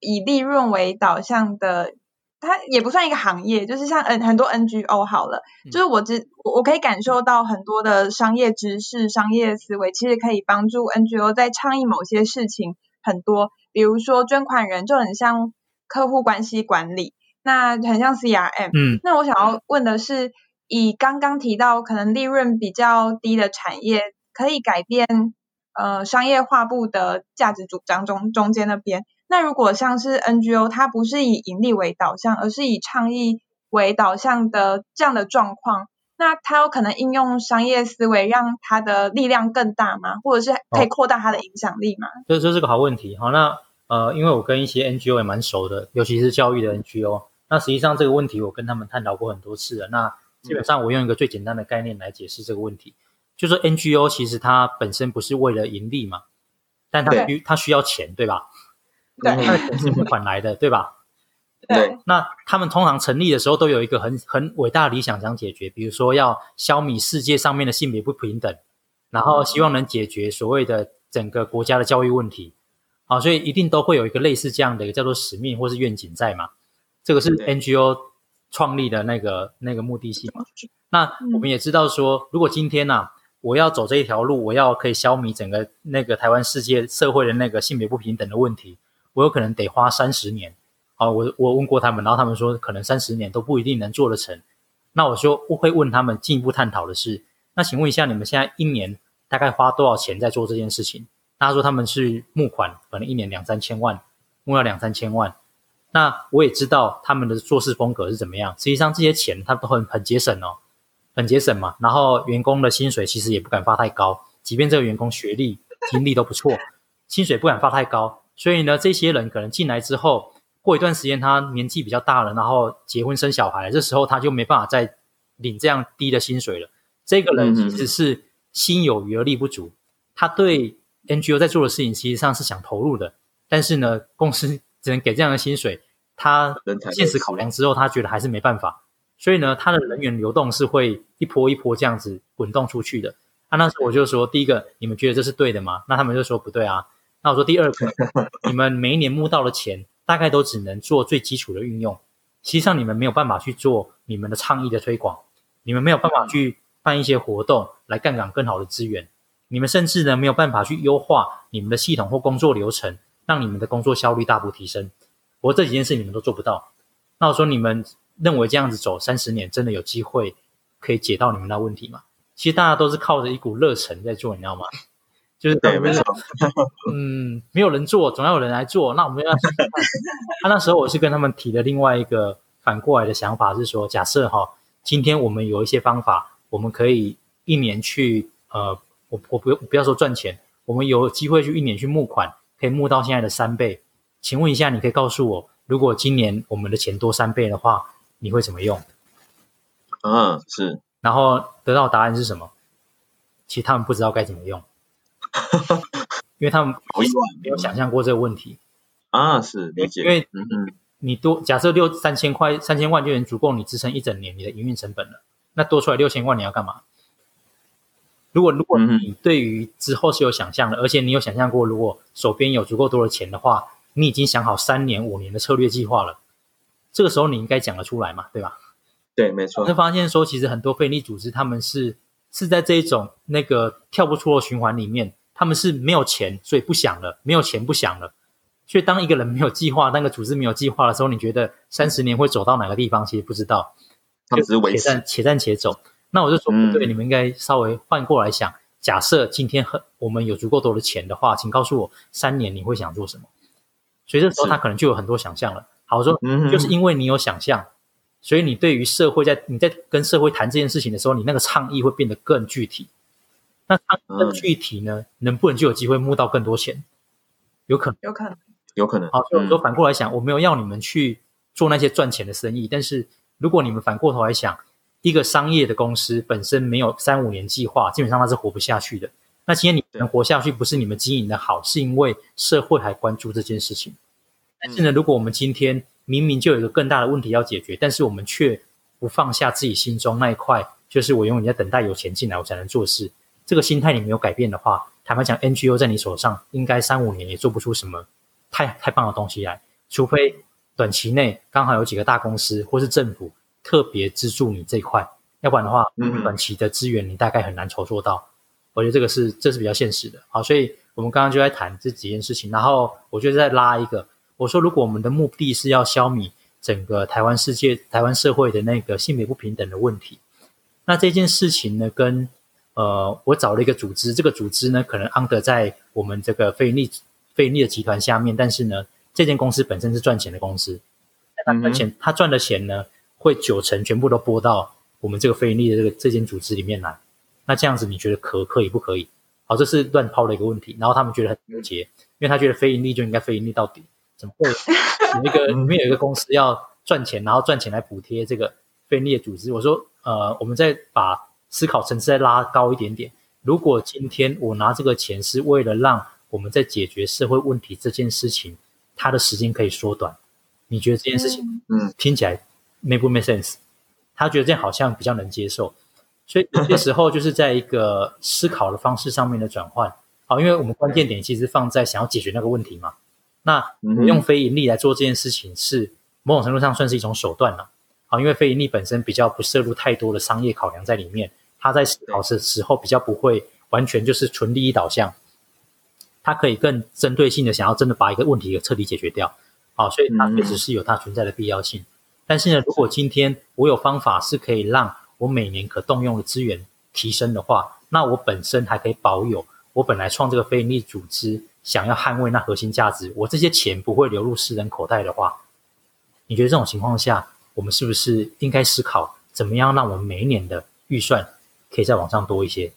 [SPEAKER 3] 以利潤為導向的，它也不算一個行業，就是像嗯很多 NGO 好了，嗯、就是我只我我可以感受到很多的商業知識、商業思維，其實可以幫助 NGO 在倡議某些事情很多，比如說捐款人就很像客戶關係管理。那很像 CRM。嗯，那我想要問的是，以剛剛提到可能利潤比較低的產業，可以改變呃商業畫布的價值主張中中間那邊。那如果像是 NGO，它不是以盈利為導向，而是以倡議為導向的這樣的狀況，那它有可能應用商業思維，讓它的力量更大嗎？或者是可以擴大它的影響力嗎？
[SPEAKER 2] 這、哦、這是個好問題。好，那呃，因為我跟一些 NGO 也蠻熟的，尤其是教育的 NGO。那實際上這個問題我跟他們探討過很多次了。那基本上我用一個最簡單的概念來解釋這個問題，對就說 NGO 其實它本身不是為了盈利嘛，但它需對它需要錢，對吧？對，那錢是募款來的，對，對吧？
[SPEAKER 3] 對。
[SPEAKER 2] 那他們通常成立的時候都有一個很很偉大理想想解決，比如說要消弭世界上面的性別不平等，然後希望能解決所謂的整個國家的教育問題。好、嗯啊，所以一定都會有一個類似這樣的一個叫做使命或是願景在嘛。這個是 NGO 創立的那個那個目的性嘛。那我們也知道說，如果今天吶、啊，我要走這一條路，我要可以消弭整個那個台灣世界社會的那個性別不平等的問題，我有可能得花三十年。好，我我問過他們，然後他們說可能三十年都不一定能做得成。那我說我會問他們進一步探討的是：那請問一下，你們現在一年大概花多少錢在做這件事情？他說他們是募款，可能一年兩三千萬，募要兩三千萬。那我也知道他們的做事風格是怎麼樣。實際上，這些錢他都很很節省哦，很節省嘛。然後員工的薪水其實也不敢發太高，即便這個員工學歷、經歷都不錯，薪水不敢發太高。所以呢，這些人可能進來之後，過一段時間他年紀比較大了，然後結婚生小孩，這時候他就沒辦法再領這樣低的薪水了。這個人其實是心有餘而力不足，他對 NGO 在做的事情，實際上是想投入的，但是呢，公司。只能給這樣的薪水，他現實考量之後，他覺得還是沒辦法，所以呢，他的人員流動是會一波一波這樣子滾動出去的。啊，那時候我就說，第一個，你們覺得這是對的嗎？那他們就說不對啊。那我說第二個， 你們每一年募到的錢，大概都只能做最基礎的運用，實際上你們沒有辦法去做你們的倡議的推廣，你們沒有辦法去辦一些活動來槓桿更好的資源，你們甚至呢沒有辦法去優化你們的系統或工作流程。讓你們的工作效率大幅提升，我說這幾件事你們都做不到。那我說，你們認為這樣子走三十年，真的有機會可以解到你們的問題嗎？其實大家都是靠着一股熱忱在做，你知道嗎？就是對 嗯， 沒有人做，總要有人來做。那我們要去，那、 啊、那時候我是跟他們提的另外一個反過來的想法，是說，假設哈，今天我們有一些方法，我們可以一年去呃，我我不我不要說賺錢，我們有機會去一年去募款。可以募到現在的三倍，請問一下，你可以告訴我，如果今年我們的錢多三倍的話，你會怎麼用？嗯、啊，
[SPEAKER 1] 是。
[SPEAKER 2] 然後得到答案是什麼？其實他們不知道該怎麼用， 因為他們沒有想象過這個問題。
[SPEAKER 1] 啊，是理解，因為
[SPEAKER 2] 嗯嗯，你多假設六三千塊三千萬就能足夠你支撐一整年你的營運成本了，那多出來六千萬你要幹嘛？
[SPEAKER 1] 如果如
[SPEAKER 3] 果你
[SPEAKER 2] 對於之後是有想象的，嗯、哼而且你有想象過，如果手邊有足夠多的錢的話，你已經想好三年五年的策略計劃了。這個時候你應該講得出來嘛，對吧？
[SPEAKER 1] 對，沒錯。那發
[SPEAKER 2] 現說，其實很多非營利組織，他們是是在這一種那個跳不出的循環裡面，他們是沒有錢，所以不想了；沒有錢，不想了。所以當一個人沒有計劃，那個組織沒有計劃的時候，你覺得三十年會走到哪個地方？其實不知道，
[SPEAKER 3] 就只是維持且戰
[SPEAKER 2] 且戰且走。那我就說不對，嗯、你們應該稍微換過來想。假設今天很，我們有足夠多的錢的話，請告訴我，三年你會想做什麼？所以這時候他可能就有很多想象了。是好說，就是因為你有想象嗯嗯，所以你對於社會在，在你在跟社會談這件事情的時候，你那個倡議會變得更具體。那他更具體呢，嗯、能不能就有機會募到更多錢？有可能，
[SPEAKER 3] 有可能，
[SPEAKER 1] 有可能。好，所以
[SPEAKER 2] 我說反過來想，嗯、我沒有要你們去做那些賺錢的生意，但是如果你們反過頭來想。一個商業的公司本身沒有三五年計劃，基本上它是活不下去的。那今天你能活下去，不是你們經營的好，是因為社會還關注這件事情。
[SPEAKER 1] 但是呢，
[SPEAKER 2] 如果我們今天明明就有一個更大的問題要解決，但是我們卻不放下自己心中那一塊，就是我永遠在等待有錢進來我才能做事，這個心態你沒有改變的話，坦白講，NGO 在你手上應該三五年也做不出什麼太太棒的東西來，除非短期內剛好有幾個大公司或是政府，特別資助你這一塊，要不然的話，嗯嗯，短期的資源你大概很難籌措到。我覺得這個是這是比較現實的。好，所以，我們剛剛就在談這幾件事情，然後我就再拉一個。我說，如果我們的目的是要消滅整個台灣世界、台灣社會的那個性別不平等的問題，那這件事情呢，跟呃，我找了一個組織，這個組織呢，可能安德在我們這個非營利非營利的集團下面，但是呢，這間公司本身是賺錢的公司，嗯嗯，而且他賺他賺的錢呢？會九成全部都撥到我們這個非盈利的這個這間組織裡面來，那這樣子你覺得可可以不可以？好，這是亂拋的一個問題，然後他們覺得很糾結，因為他覺得非盈利就應該非盈利到底，怎麼會？你那個，裡面有一個公司要賺錢，然後賺錢來補貼這個非盈利的組織？我說，呃，我們再把思考層次再拉高一點點。如果今天我拿這個錢是為了讓我們在解決社會問題這件事情，它的時間可以縮短，你覺得這件事情，嗯，聽起來？maybe make sense，他覺得這樣好像比較能接受，所以有些時候就是在一個思考的方式上面的轉換。好，因為我們關鍵點其實放在想要解決那個問題嘛。那用非盈利來做這件事情，是某種程度上算是一種手段了。好，因為非盈利本身比較不涉入太多的商業考量在裡面，他在思考的時候比較不會完全就是純利益導向，它可以更針對性的想要真的把一個問題給徹底解決掉。好，所以它確實是有它存在的必要性。但是呢，如果今天我有方法是可以讓我每年可動用的資源提升的話，那我本身還可以保有我本來創這個非營利組織想要捍衛那核心價值，我這些錢不會流入私人口袋的話，你覺得這種情況下，我們是不是應該思考怎麼樣讓我們每一年的預算可以再往上多一些？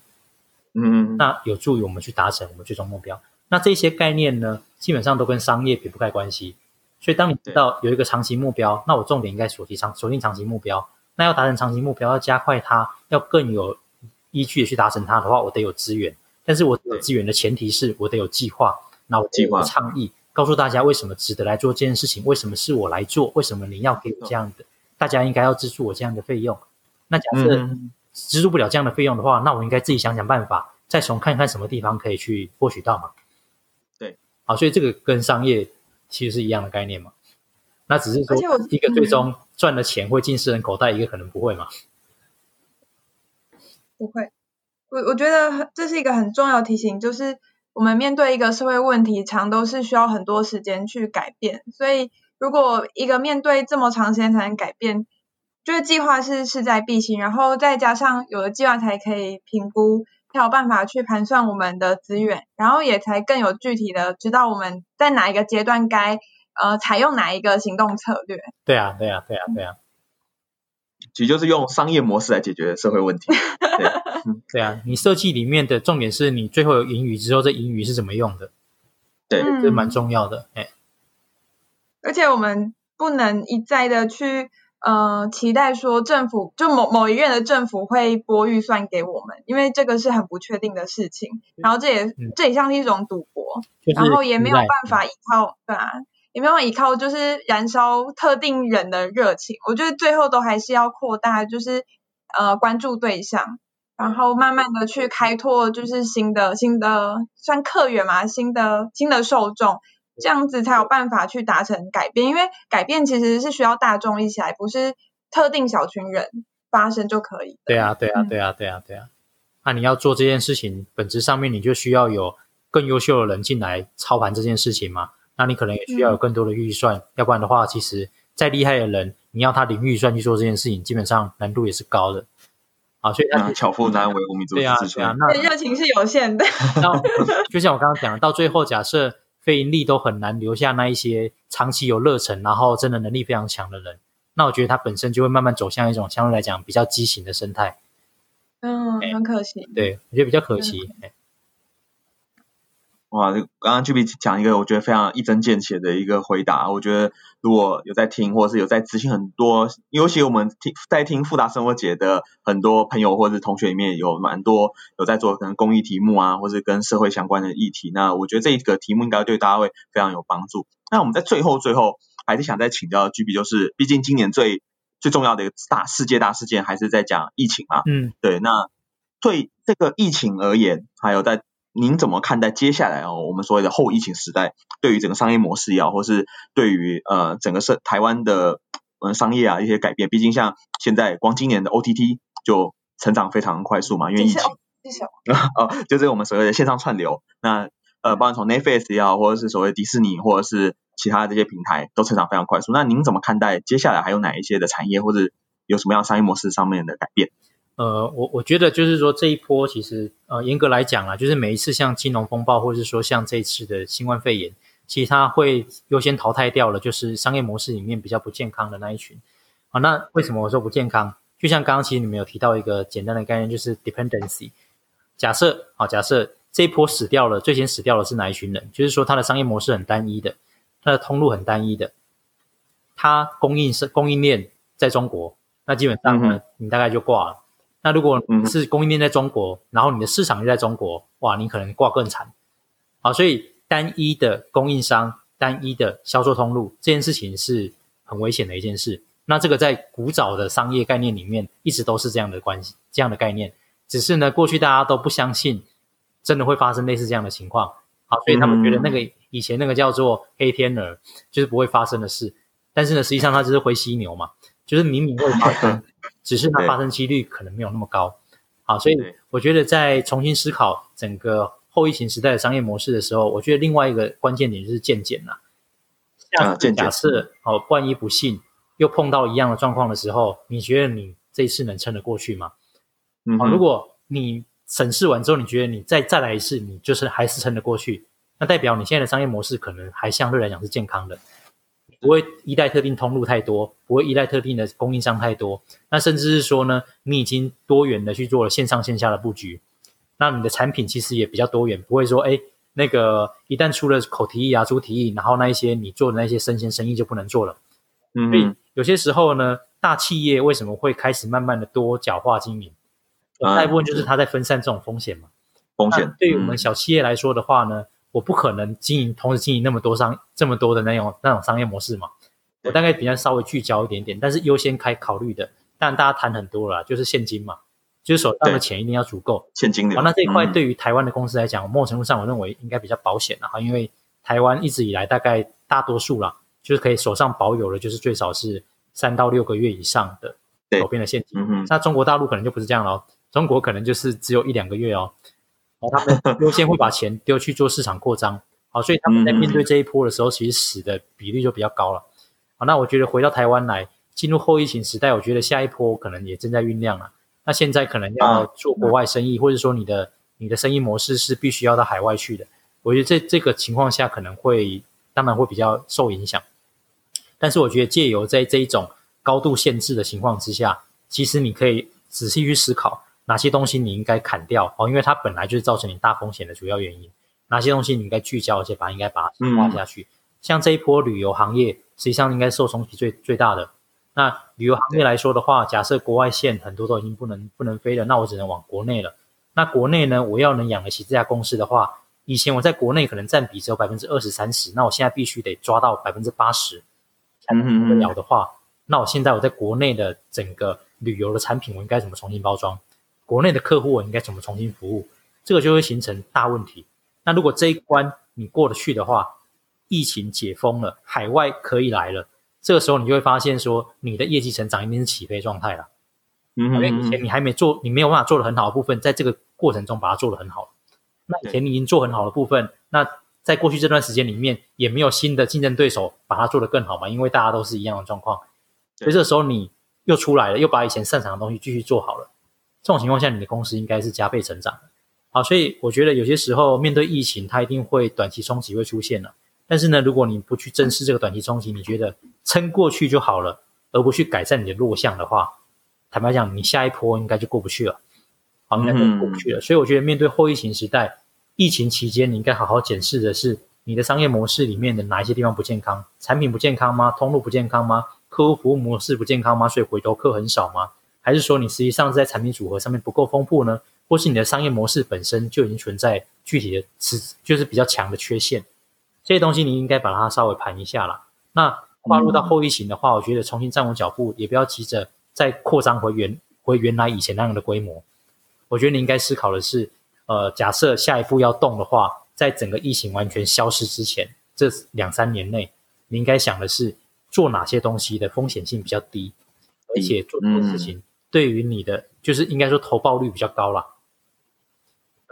[SPEAKER 2] 嗯，
[SPEAKER 1] 那
[SPEAKER 2] 有助於我們去達成我們最終目標。那這些概念呢，基本上都跟商業撇不開關係。所以，當你知道有一個長期目標，對那我重點應該鎖定長鎖定長期目標。那要達成長期目標，要加快它，要更有依據的去達成它的話，我得有資源。但是我有資源的前提是我得有計劃，那我得有倡議，告訴大家為什麼值得來做這件事情，為什麼是我來做，為什麼你要給我這樣的，嗯、大家應該要資助我這樣的費用。那假設資助不了這樣的費用的話，嗯、那我應該自己想想辦法，再從看看什麼地方可以去獲取到嘛？對，好，所以這個跟商業。其實是一樣的概念嘛，那只是說一個最終賺的錢會進私人口袋，一個可能不會嘛、嗯。
[SPEAKER 3] 不會，我我覺得這是一個很重要提醒，就是我們面對一個社會問題，常都是需要很多時間去改變。所以，如果一個面對這麼長時間才能改變，就是計劃是勢在必行，然後再加上有了計劃才可以評估。才有辦法去盤算我們的資源，然後也才更有具體的知道我們在哪一個階段該呃採用哪一個行動策略。
[SPEAKER 1] 對啊，對啊，對啊，對啊，嗯、其實就是用商業模式來解決社會問題。對、， 嗯、對啊，你設計裡面的重點
[SPEAKER 2] 是，你最後有盈餘之後，這盈餘是怎麼用的？對，這蠻重要的。欸、
[SPEAKER 3] 而且我們不能一再的去。呃期待說政府就某某一任的政府會撥預算給我們，因為這個是很不確定的事情。然後這也這也像是一種賭博，嗯就是、然後也沒有辦法依靠，嗯、對啊，也沒有法依靠就是燃燒特定人的熱情。我覺得最後都還是要擴大，就是呃關注對象，然後慢慢的去開拓就是新的新的算客源嘛，新的新的受眾。這樣子才有辦法去達成改變，因為改變其實是需要大眾一起來，不是特定小群人發生就可以
[SPEAKER 2] 的。對啊，對啊，對啊，對啊，對啊。嗯、那你要做這件事情，本質上面你就需要有更優秀的人進來操盤這件事情嘛。那你可能也需要有更多的預算，嗯、要不然的話，其實再厲害的人，你要他零預算去做這件事情，基本上難度也是高的。啊，所以、啊嗯、巧婦難為無米之炊。對啊，對啊，那，
[SPEAKER 3] 那熱情是有限的。然後
[SPEAKER 2] 就像我剛剛講，到最後假設。非營利都很難留下那一些長期有熱忱，然後真的能力非常強的人。那我覺得他本身就會慢慢走向一種相
[SPEAKER 1] 對來講比較畸形的生態。嗯，
[SPEAKER 3] 欸、很可惜。
[SPEAKER 1] 對，我覺得比較可惜。欸。哇，剛剛 Gipi 講一個我覺得非常一針見血的一個回答。我覺得如果有在聽，或者是有在執行很多，尤其我們聽在聽複雜生活節的很多朋友或者同學裡面，有蠻多有在做可能公益題目啊，或是跟社會相關的議題。那我覺得這一個題目應該對大家會非常有幫助。那我們在最後最後還是想再請教 Gipi，就是畢竟今年最最重要的一個大世界大事件還是在講疫情嘛。嗯。對，那對這個疫情而言，還有在您怎麼看待接下來哦，我們所謂的後疫情時代，對於整個商業模式也好，或是對於呃整個社台灣的嗯、呃、商業啊一些改變？畢竟像現在光今年的 OTT 就成長非常快速嘛，因為疫情。謝謝。啊、 哦，就是我們所謂的線上串流。那呃，包括從 Netflix 也好，或者是所謂迪士尼，或者是其他這些平台都成長非常快速。那您怎麼看待接下來還有哪一些的產業，或者有什麼樣商業模式上面的改變？
[SPEAKER 2] 呃，我我覺得就是說，這一波其實呃，嚴格來講啊，就是每一次像金融風暴，或者是說像這一次的新冠肺炎，其實它會優先淘汰掉了，就是商業模式裡面比較不健康的那一群。啊，那為什麼我說不健康？就像剛剛其實你們有提到一個簡單的概念，就是 dependency。假設啊，假設這一波死掉了，最先死掉的是哪一群人？就是說它的商業模式很單一的，它的通路很單一的，它供應是供應鏈在中國，那基本上呢，嗯、哼你大概就掛了。那如果你是供應鏈在中國，嗯、然後你的市場又在中國，哇，你可能掛更慘。好，所以單一的供應商、單一的銷售通路這件事情是很危險的一件事。那這個在古早的商業概念裡面一直都是這樣的關係，這樣的概念。只是呢，過去大家都不相信真的會發生類似這樣的情況。好，所以他們覺得那個、嗯、以前那個叫做黑天鵝就是不會發生的事。但是呢，實際上它就是灰犀牛嘛，就是明明會發生。只是它發生幾率可能沒有那麼高，好對、啊，所以我覺得在重新思考整個後疫情時代的商業模式的時候，我覺得另外一個關鍵點就是健檢啦。啊，
[SPEAKER 1] 健檢。假設、
[SPEAKER 2] 啊、哦，萬一不幸又碰到一樣的狀況的時候，你覺得你這一次能撐得過去嗎、嗯
[SPEAKER 1] 哼啊？如果
[SPEAKER 2] 你審視完之後，你覺得你再再來一次，你就是還是撐得過去，那代表你現在的商業模式可能還相對來講是健康的。不會依賴特定通路太多，不會依賴特定的供應商太多。那甚至是說呢，你已經多元的去做了線上線下的布局，那你的產品其實也比較多元，不會說誒那個一旦出了口蹄疫啊、豬蹄疫，然後那一些你做的那些生鮮生意就不能做了。嗯，有些時候呢，大企業為什麼會開始慢慢的多角化經營？大部分就是它在分散這種風險嘛。風險。對於我們小企業來說的話呢？我不可能經營同時經營那麼多商這麼多的那種那種商業模式嘛，對我大概比較稍微聚焦一點點，但是優先開考慮的。但大家談很多了啦，就是現金嘛，就是手上的錢一定要足夠。
[SPEAKER 1] 現金。好，啊，那這一塊對
[SPEAKER 2] 於台灣的公司來講，某種、嗯、程度上我認為應該比較保險了哈，因為台灣一直以來大概大多數了，就是可以手上保有的就是最少是三到六個月以上的普遍的現金。嗯嗯。那中國大陸可能就不是這樣了，中國可能就是只有一兩個月哦。好，他們優先會把錢丟去做市場擴張，好，所以他們在面對這一波的時候，其實死的比例就比較高了。好，那我覺得回到台灣來，進入後疫情時代，我覺得下一波可能也正在醞釀了啊。那現在可能要，要做國外生意，或者說你的你的生意模式是必須要到海外去的，我覺得這這個情況下可能會當然會比較受影響。但是我覺得借由在這一種高度限制的情況之下，其實你可以仔細去思考。哪些東西你應該砍掉？哦，因為它本來就是造成你大風險的主要原因。哪些東西你應該聚焦，而且把它應該把它劃下去。嗯、像這一波旅遊行業，實際上應該受衝擊最最大的。那旅遊行業來說的話，假設國外線很多都已經不能不能飛了，那我只能往國內了。那國內呢，我要能養得起這家公司的話，以前我在國內可能佔比只有百分之二十三十，那我現在必須得抓到百分之八十
[SPEAKER 1] 才能養得活的
[SPEAKER 2] 話，那我現在我在國內的整個旅遊的產品，我應該怎麼重新包裝？國內的客戶，我應該怎麼重新服務？這個就會形成大問題。那如果這一關你過得去的話，疫情解封了，海外可以來了，這個時候你就會發現說，你的業績成長一定是起飛狀態了。嗯，因為、嗯、以前你還沒做，你沒有辦法做得很好的部分，在這個過程中把它做得很好。那以前你已經做很好的部分，那在過去這段時間裡面，也沒有新的競爭對手把它做得更好嘛？因為大家都是一樣的狀況，所以這個時候你又出來了，又把以前擅長的東西繼續做好了。這種情況下，你的公司應該是加倍成長。好，所以我覺得有些時候面對疫情，它一定會短期衝擊會出現了。但是呢，如果你不去正視這個短期衝擊，你覺得撐過去就好了，而不去改善你的弱項的話，坦白講，你下一波應該就過不去了。好，應該就過不去了。所以我覺得面對後疫情時代，疫情期間你應該好好檢視的是你的商業模式裡面的哪一些地方不健康？產品不健康嗎？通路不健康嗎？客戶服務模式不健康嗎？所以回頭客很少嗎？還是說你實際上是在產品組合上面不夠豐富呢，或是你的商業模式本身就已經存在具體的，就是比較強的缺陷，這些東西你應該把它稍微盤一下啦。那跨入到後疫情的話，嗯、我覺得重新站穩腳步，也不要急着再擴張回原回原來以前那樣的規模。我覺得你應該思考的是，呃，假設下一步要動的話，在整個疫情完全消失之前，這兩三年內，你應該想的是做哪些東西的風險性比較低，而且做這件事情。嗯對於你的，就是應該說投報率比較高了。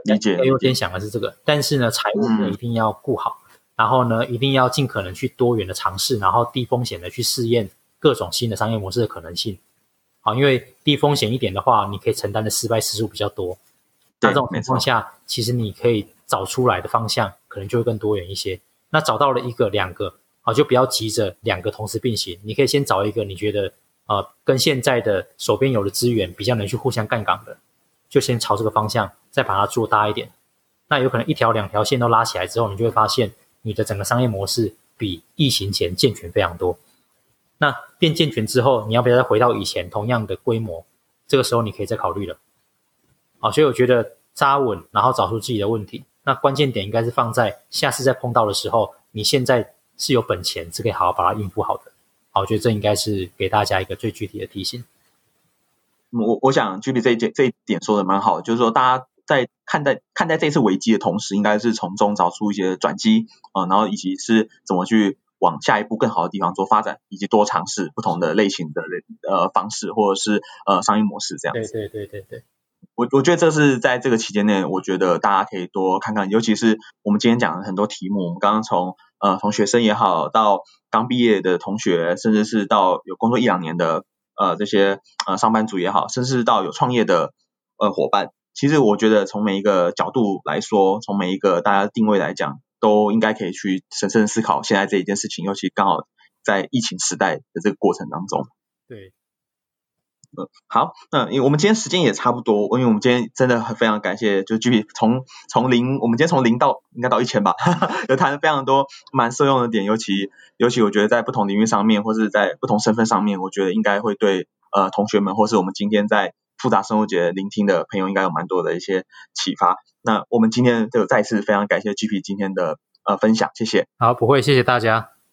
[SPEAKER 2] 了解。哎，我先想的是這個，但是呢，財務一定要顧好，嗯、然後呢，一定要盡可能去多元的嘗試，然後低風險的去試驗各種新的商業模式的可能性。好，因為低風險一點的話，你可以承擔的失敗次數比較多。在那對這種情況下，錯其實你可以找出來的方向可能就會更多元一些。那找到了一個、兩個，啊，就不要急着兩個同時並行，你可以先找一個你覺得。啊，跟現在的手邊有的資源比較能去互相槓桿的，就先朝這個方向，再把它做大一點。那有可能一條兩條線都拉起來之後，你就會發現你的整個商業模式比疫情前健全非常多。那變健全之後，你要不要再回到以前同樣的規模？這個時候你可以再考慮了。好，所以我覺得扎穩，然後找出自己的問題。那關鍵點應該是放在下次再碰到的時候，你現在是有本錢，是可
[SPEAKER 1] 以好好把它應付好的。我覺得這應該是給大家一個最具體的提醒。我我想，Gipi 這一這一點說的蠻好的，就是說，大家在看待看待這次危機的同時，應該是從中找出一些轉機，呃，然後以及是怎麼去往下一步更好的地方做發展，以及多嘗試不同的類型的呃方式，或者是呃商業模式這樣。對對對對對。我我覺得這是在這個期間內，我覺得大家可以多看看，尤其是我們今天講的很多題目，我們剛剛從。呃，從學生也好，到剛畢業的同學，甚至是到有工作一兩年的，呃，這些呃上班族也好，甚至到有創業的呃夥伴，其實我覺得從每一個角度來說，從每一個大家定位來講，都應該可以去深深思考現在這一件事情，尤其剛好在疫情時代的這個過程當中。對。嗯，好，那我們今天時間也差不多，因為我們今天真的很非常感謝，就 Gipi 從從零，我們今天從零到應該到一千吧，哈哈，有談了非常多蠻受用的點，尤其尤其我覺得在不同領域上面，或是在不同身份上面，我覺得應該會對呃同學們，或是我們今天在複雜生活節聆聽的朋友，應該有蠻多的一些啟發。那我們今天就再次非常感謝 Gipi 今天的呃分享，謝謝。
[SPEAKER 2] 好，不會，謝謝大家。